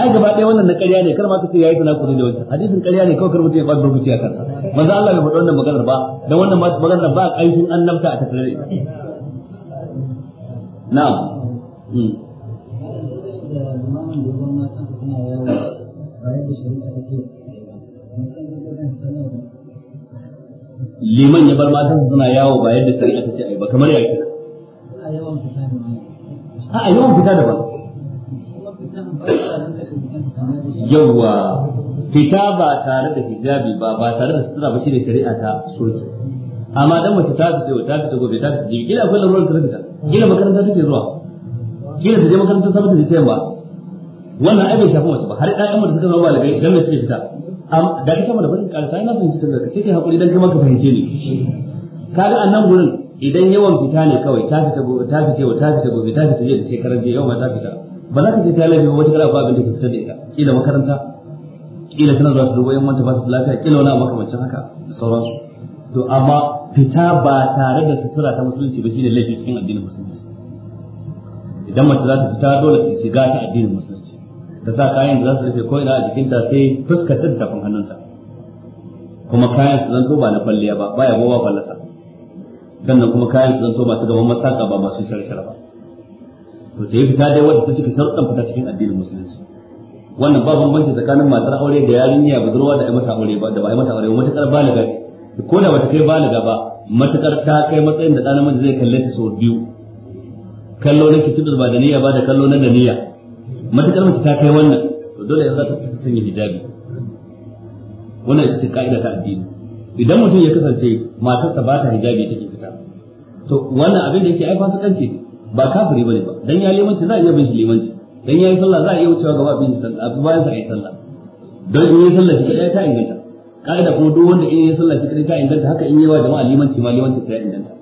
ai gaba ɗaya wannan na ƙarya ne kar ma ka ce yayi tanakuri da wata hadisin ƙarya ne kawai kar mutum ya faɗi burbuci a kansa Maza Allah bai faɗi wannan maganar ba dan wannan maganar ba a an annabta a tattare da ita na'am Hmm. liman ya bar matansa suna yawo ba yadda shari'a ta ce ai ba kamar yake a a yawan fita da ba yawa fita ba tare da hijabi ba ba tare da sutura ba shine shari'a ta soke amma dan mace ta fita ta fita gobe ta fita jibi kila akwai lamuran ta fita kila makaranta take zuwa kila ta je makarantar sama ta sayarwa wannan ai bai shafi wasu ba har ɗayan mu da suka zama malamai idan na suke fita da kake mana bari karsa na fahimci ta ka sai hakuri dan kuma ka fahimce ni kaga a nan gurin idan yawan fita ne kawai ta fita gobe ta fita yau ta fita gobe ta fita jiya da sai karanje yau ma ta fita ba za ka ce ta laifi ba wata kala ba abin da ka fitar da ita kila makaranta kila tana zuwa ta dubo yan wanta ba su lafiya kila wani abu makamancin haka da sauransu to amma fita ba tare da sutura ta musulunci ba shine laifi cikin addinin musulunci dan mace za ta fita dole ta shiga ta addinin musulunci ta sa kayan da za su rufe ko ina a jikinta sai fuskar ta tafin hannunta kuma kayan su zanto ba na falliya ba baya bowa fallasa sannan kuma kayan su zanto masu gaban masaka ba masu sharshara ba to ta yi fita dai wadda ta cika sharuɗan fita cikin addinin musulunci wannan ba bambanci tsakanin matar aure da yarinya budurwa da ai mata aure ba da ba ai mata aure ba matakar baliga ce ko da bata kai baliga ba matakar ta kai matsayin da ɗan namiji zai kalle ta sau biyu kallo na kitudul ba da niyya ba da kallo na da niyya matakar mace ta kai wannan to dole yanzu ta fita sanya hijabi wannan ita ce ka'ida ta addini idan mutum ya kasance matarsa ba ta hijabi take fita to wannan abin da yake ai fasikanci ba kafiri bane ba dan ya limanci za a iya bin shi limanci dan yi sallah za a iya wucewa gaba bin shi sallah abu bayan sa yi sallah dan in yi sallah shi kadai ta inganta ka'ida kuma duk wanda in yi sallah shi kadai ta inganta haka in yi wa jama'a limanci ma limanci ta inganta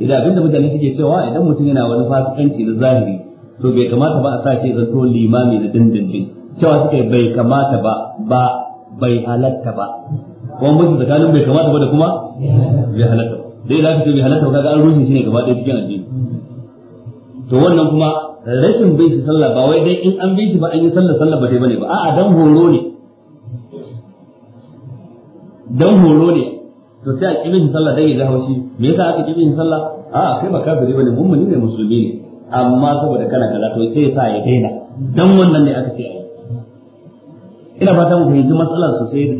idan abinda mutane suke cewa idan mutum yana wani fasikanci na zahiri to bai kamata ba a sa shi zanto limami da dindindin cewa suke bai kamata ba ba bai halatta ba kuma mutum tsakanin bai kamata ba da kuma bai halatta ba dai za ka ce bai halatta ba kaga an rushe shi ne gaba ɗaya cikin addini to wannan kuma rashin bin shi sallah ba wai dai in an bin shi ba an yi sallah sallah ba dai bane ba a'a dan horo ne dan horo ne to sai a kibin sallah dai da haushi me yasa aka kibin sallah a kai ba kafiri bane mummuni ne musulmi ne amma saboda kana kaza to sai sa ya daina dan wannan ne aka ce ai ina fata mu fahimci matsalar sosai da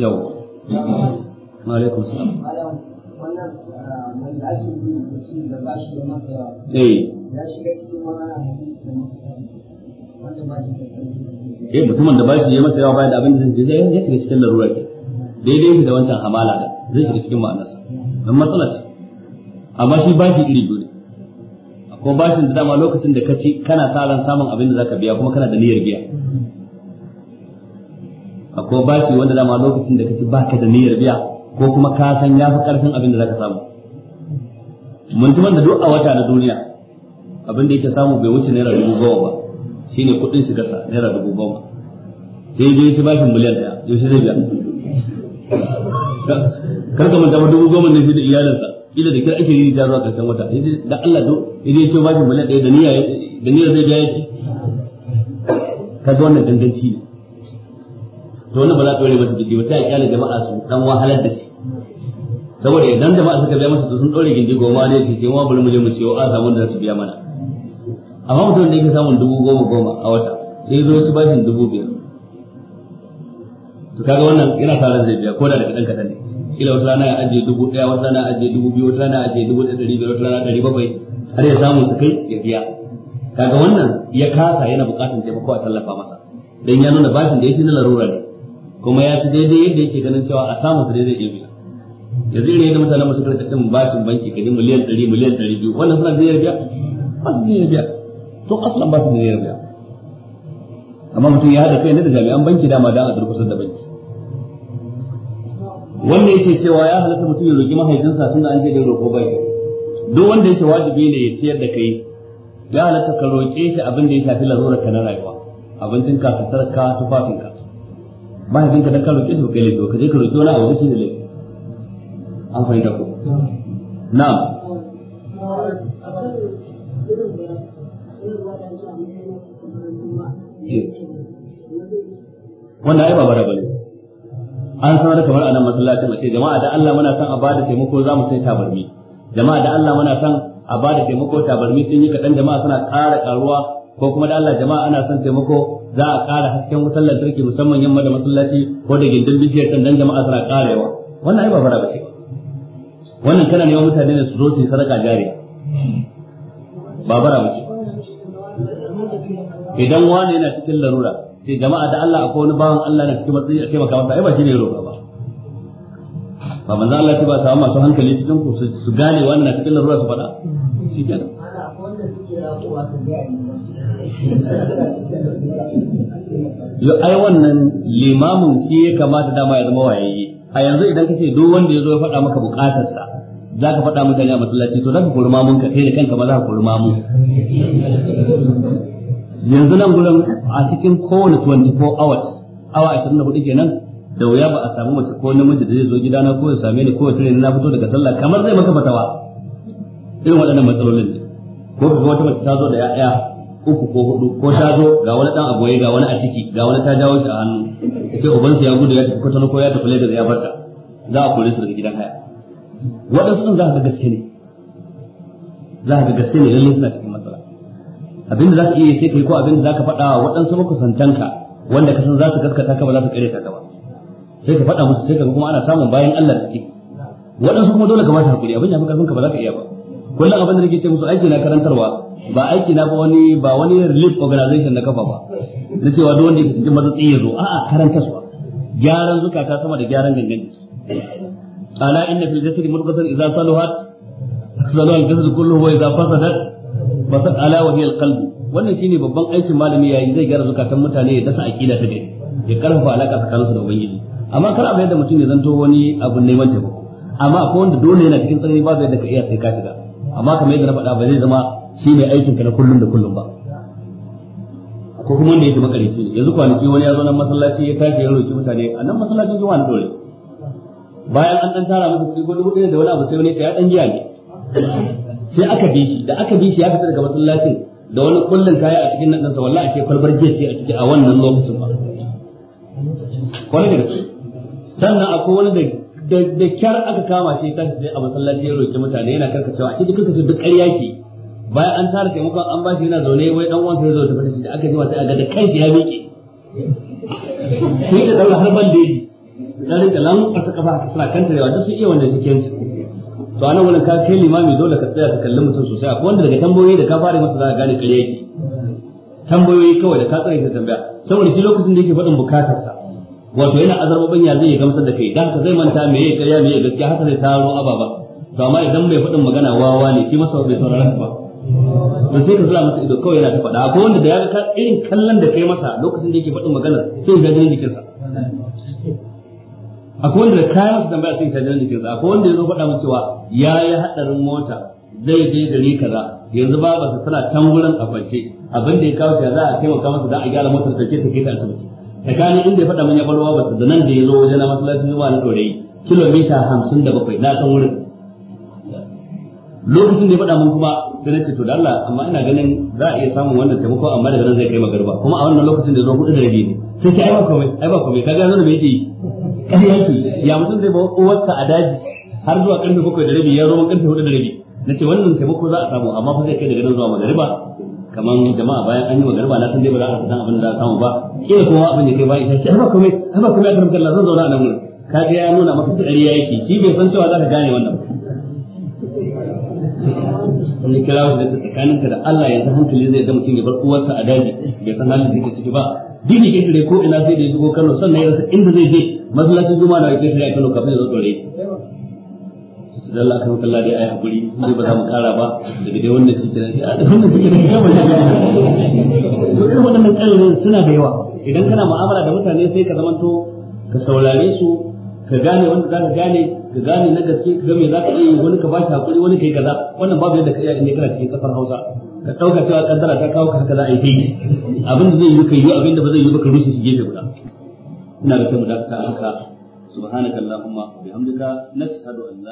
yau wa alaikum salam wannan da ba shi da masa yawa eh ya shiga cikin wannan wanda ba shi da eh mutumin da ba shi ya masa yawa bayan da abin da zai ya shiga cikin larura ke daidai shi da wancan hamala da zai shiga cikin ma'anarsa don matsala ce amma shi bashi iri biyu ne akwai bashin da dama lokacin da ka ci kana sa ran samun abin da zaka biya kuma kana da niyyar biya akwai bashi wanda dama lokacin da ka ci baka da niyyar biya ko kuma ka san yafi karfin abin da zaka samu mutumin da duk a wata na duniya abin da yake samu bai wuce naira dubu goma ba shine kuɗin shigarsa naira dubu goma sai dai ya bashin miliyan ɗaya yaushe zai biya karka manta ba dubu goma ne shi da iyalinsa kila da kira ake yi da zuwa karshen wata yace da Allah do idan yace ba shi miliyan ɗaya da niyya da niyya zai biya shi ga wannan ganganci ne to wannan ba za ka yi masa gindi ba ya iyalin jama'a su dan wahalar da shi saboda idan jama'a suka biya masa to sun dore gindi goma ne ce sai ma bari mu je mu siyo a azamu da su biya mana amma mutum da yake samun dubu goma goma a wata sai zo su bashin dubu biyar to kaga wannan yana sa ran zai biya ko da daga dan kadan ne kila wata rana ya ajiye dubu daya wata rana ajiye dubu biyu wata rana ajiye dubu ɗari biyar wata rana ɗari bakwai har ya samu su kai ya biya kaga wannan ya kasa yana buƙatar taimako a tallafa masa dan ya nuna bashin da yake na larura ne kuma ya ci daidai yadda yake ganin cewa a samu su zai iya biya yanzu irin yadda mutanen masu karɓar cin bashin banki kaji miliyan ɗari miliyan ɗari biyu wannan suna da biya ba su biya to aslan ba su da biya amma mutum ya haɗa kai ne da jami'an banki dama dan a durkusar da banki wannan yake cewa ya halatta mutum ya roƙi mahaifinsa tunda an ce da ba bai duk wanda yake wajibi ne ya ciyar da kai ya halatta ka roƙe shi abin da ya shafi larurar ka na rayuwa abincin ka sutar ka tufafin ka mahaifinka dan ka roƙe shi kai laifi ka je ka roƙe wani abu shi da laifi an fahimta ko na'am eh. wannan ai ba bara bane an sanar kamar anan masallaci mace jama'a da Allah muna son a bada taimako za mu sai tabarmi jama'a da Allah muna son a bada taimako tabarmi sun yi kaɗan jama'a suna ƙara ƙaruwa ko kuma da Allah jama'a ana son taimako za a ƙara hasken wutar lantarki musamman yamma da masallaci ko da gindin bishiyar can dan jama'a suna ƙarewa wannan ai ba fara bace wannan kana neman mutane ne su zo su yi sadaka jariya ba ba bace idan wani yana cikin larura sai jama'a da Allah akwai wani bawan Allah na cikin matsayi a taimaka masa ai ba shine roƙa ba ba manzo Allah ce ba sa masu hankali cikin ku su gane wannan cikin larura su faɗa shi kenan yo ai wannan limamin shi ya kamata dama ya zama yi? a yanzu idan kace duk wanda ya zo ya faɗa maka buƙatarsa za ka faɗa mutane a masallaci to za ka kori ka kai da kanka ba za ka kori mun? yanzu nan gurin a cikin kowane 24 hours awa 24 kenan da wuya ba a samu mace ko namiji da zai zo gidana ko ya same ni ko ya tare ni na fito daga sallah kamar zai maka fatawa irin waɗannan matsalolin ne ko ka wata mace ta zo da ya'ya uku ko hudu ko ta zo ga wani dan agoye ga wani a ciki ga wani ta jawo shi a hannu ya ce ubansa ya gudu ya tafi kwatano ko ya tafi lagos ya barta za a kore su daga gidan haya waɗansu ɗin za ka ga gaske ne za ka ga gaske ne lallai suna cikin matsala abinda ka iya sai kai ko abinda ka faɗa wa waɗansu makusantanka wanda ka san za su gaskata ka ba za su kare ta ba sai ka faɗa musu sai ka kuma ana samun bayan Allah da suke waɗansu kuma dole ka ba su hakuri abin ya fi ka ba za ka iya ba kullum abin da nake ce musu aiki na karantarwa ba aiki na ba wani ba wani relief organization na kafa ba na cewa duk wanda yake cikin matsatsi ya zo a'a karantarwa gyaran zukata sama da gyaran gangan jiki ala inna fil jasadi mudghatan idza salahat salahu al jasad kulluhu wa idza fasadat ba sa ala wa hiya alqalbu wannan shine babban aikin malami yayi zai gyara zukatan mutane ya dasa aqida ta gari ya karfafa alaka tsakanin su da ubangiji amma kar a bayar da mutum ya zanto wani abu neman taimako amma ko wanda dole yana cikin tsanani ba zai da ka iya sai ka shiga amma kamar yadda na faɗa ba zai zama shine aikin ka na kullum da kullum ba ko kuma wanda yake makarici ne yanzu kwanaki wani ya zo nan masallaci ya tashi ya roki mutane a nan masallacin juma'a na dole, bayan an dan tara musu kuɗi ko dubu ɗaya da wani abu sai wani ya dan giya ne sai aka bi shi da aka bi shi ya fita daga masallacin da wani kullun kaya a cikin nan sa wallahi ashe kalbar giya ce a cikin a wannan lokacin ba kwalbar da sannan akwai wani da da kyar aka kama shi ta sai a masallaci ya roki mutane yana karkacewa a cikin duk su duk ƙarya ke bayan an tara taimakon an bashi yana zaune wai dan uwansa ya zo ta fada shi da aka ji wata a ga da kanshi ya miƙe sai da daura har ban daidai da rinka lan ƙasa kafa a kasara kanta da yawa duk sun iya wannan shi kenan to anan wurin ka kai limami dole ka tsaya ka kalli mutum sosai akwai wanda daga tambayoyi da ka fara masa za ka gane kare yake tambayoyi kawai da ka tsare shi tambaya saboda shi lokacin da yake faɗin bukatarsa wato yana azarbabin ya zai gamsar da kai dan ka zai manta me yake ƙarya me yake gaskiya haka zai taro ababa to amma idan bai faɗin magana wawa ne shi masa bai sauraron ba to sai ka zura masa ido kawai yana ta faɗa akwai wanda da ya ga irin kallon da kai masa lokacin da yake faɗin magana sai ya ga jikinsa akwai wanda da kayan masa tambaya sun shaidar da kinsa akwai wanda ya zo faɗa min cewa ya yi haɗarin mota zai je gari kaza yanzu ba babarsa tana can wurin a kwance abin da ya kawo shi za a taimaka masa za a gyara motar ta ke ta ke ta asibiti tsakanin inda ya faɗa mun ya bar basu da nan da ya zo wajen na masallacin zuwa na ɗorayi kilomita hamsin da bakwai na san wurin lokacin da ya faɗa mun kuma sai na ce to da Allah amma ina ganin za a iya samun wannan taimako amma daga nan zai kai magarba kuma a wannan lokacin da ya zo hudu da rabi ne sai ce ai ba komai ai ba komai kaga yanzu da me yake yi ƙarya ke ya mutum zai ba uwarsa a daji har zuwa karfe bakwai da rabi ya zo karfe hudu da rabi na ce wannan taimako za a samu amma fa zai kai daga nan zuwa magariba kamar jama'a bayan an yi magariba na san dai ba za a san abin da za a samu ba kila kuma abin da kai bayan ita ce ai ba komai ai ba komai a karfe kalla zan zauna a nan wurin kaga ya nuna maka yi yake shi bai san cewa za ka gane wannan sai ya kira shi da ka da Allah yanzu hankali zai da mutum ya bar uwarsa a daji bai san halin da yake ciki ba dini ke tare ko ina sai da ya shigo Kano sannan ya rasa inda zai je masallacin juma'a da yake tare a Kano kafin ya zo dore da Allah kan kalla dai ayi hakuri sai ba za mu kara ba daga dai wannan shi kenan sai wannan shi kenan kuma ya to irin wannan mutane suna da yawa idan kana mu'amala da mutane sai ka zamanto ka saurare su ka gane wanda za ka gane ka gane na gaske ka game za ka yi wani ka bashi hakuri wani ka yi kaza wannan babu yadda ka iya inda kana cikin kasar Hausa ka ɗauka cewa kaddara ta kawo ka haka za a yi kai abin da zai yi ka yi abin da ba zai yi ba ka rushe shi gefe guda ina da sai mu dakata haka subhanakallahumma bihamdika nashhadu an la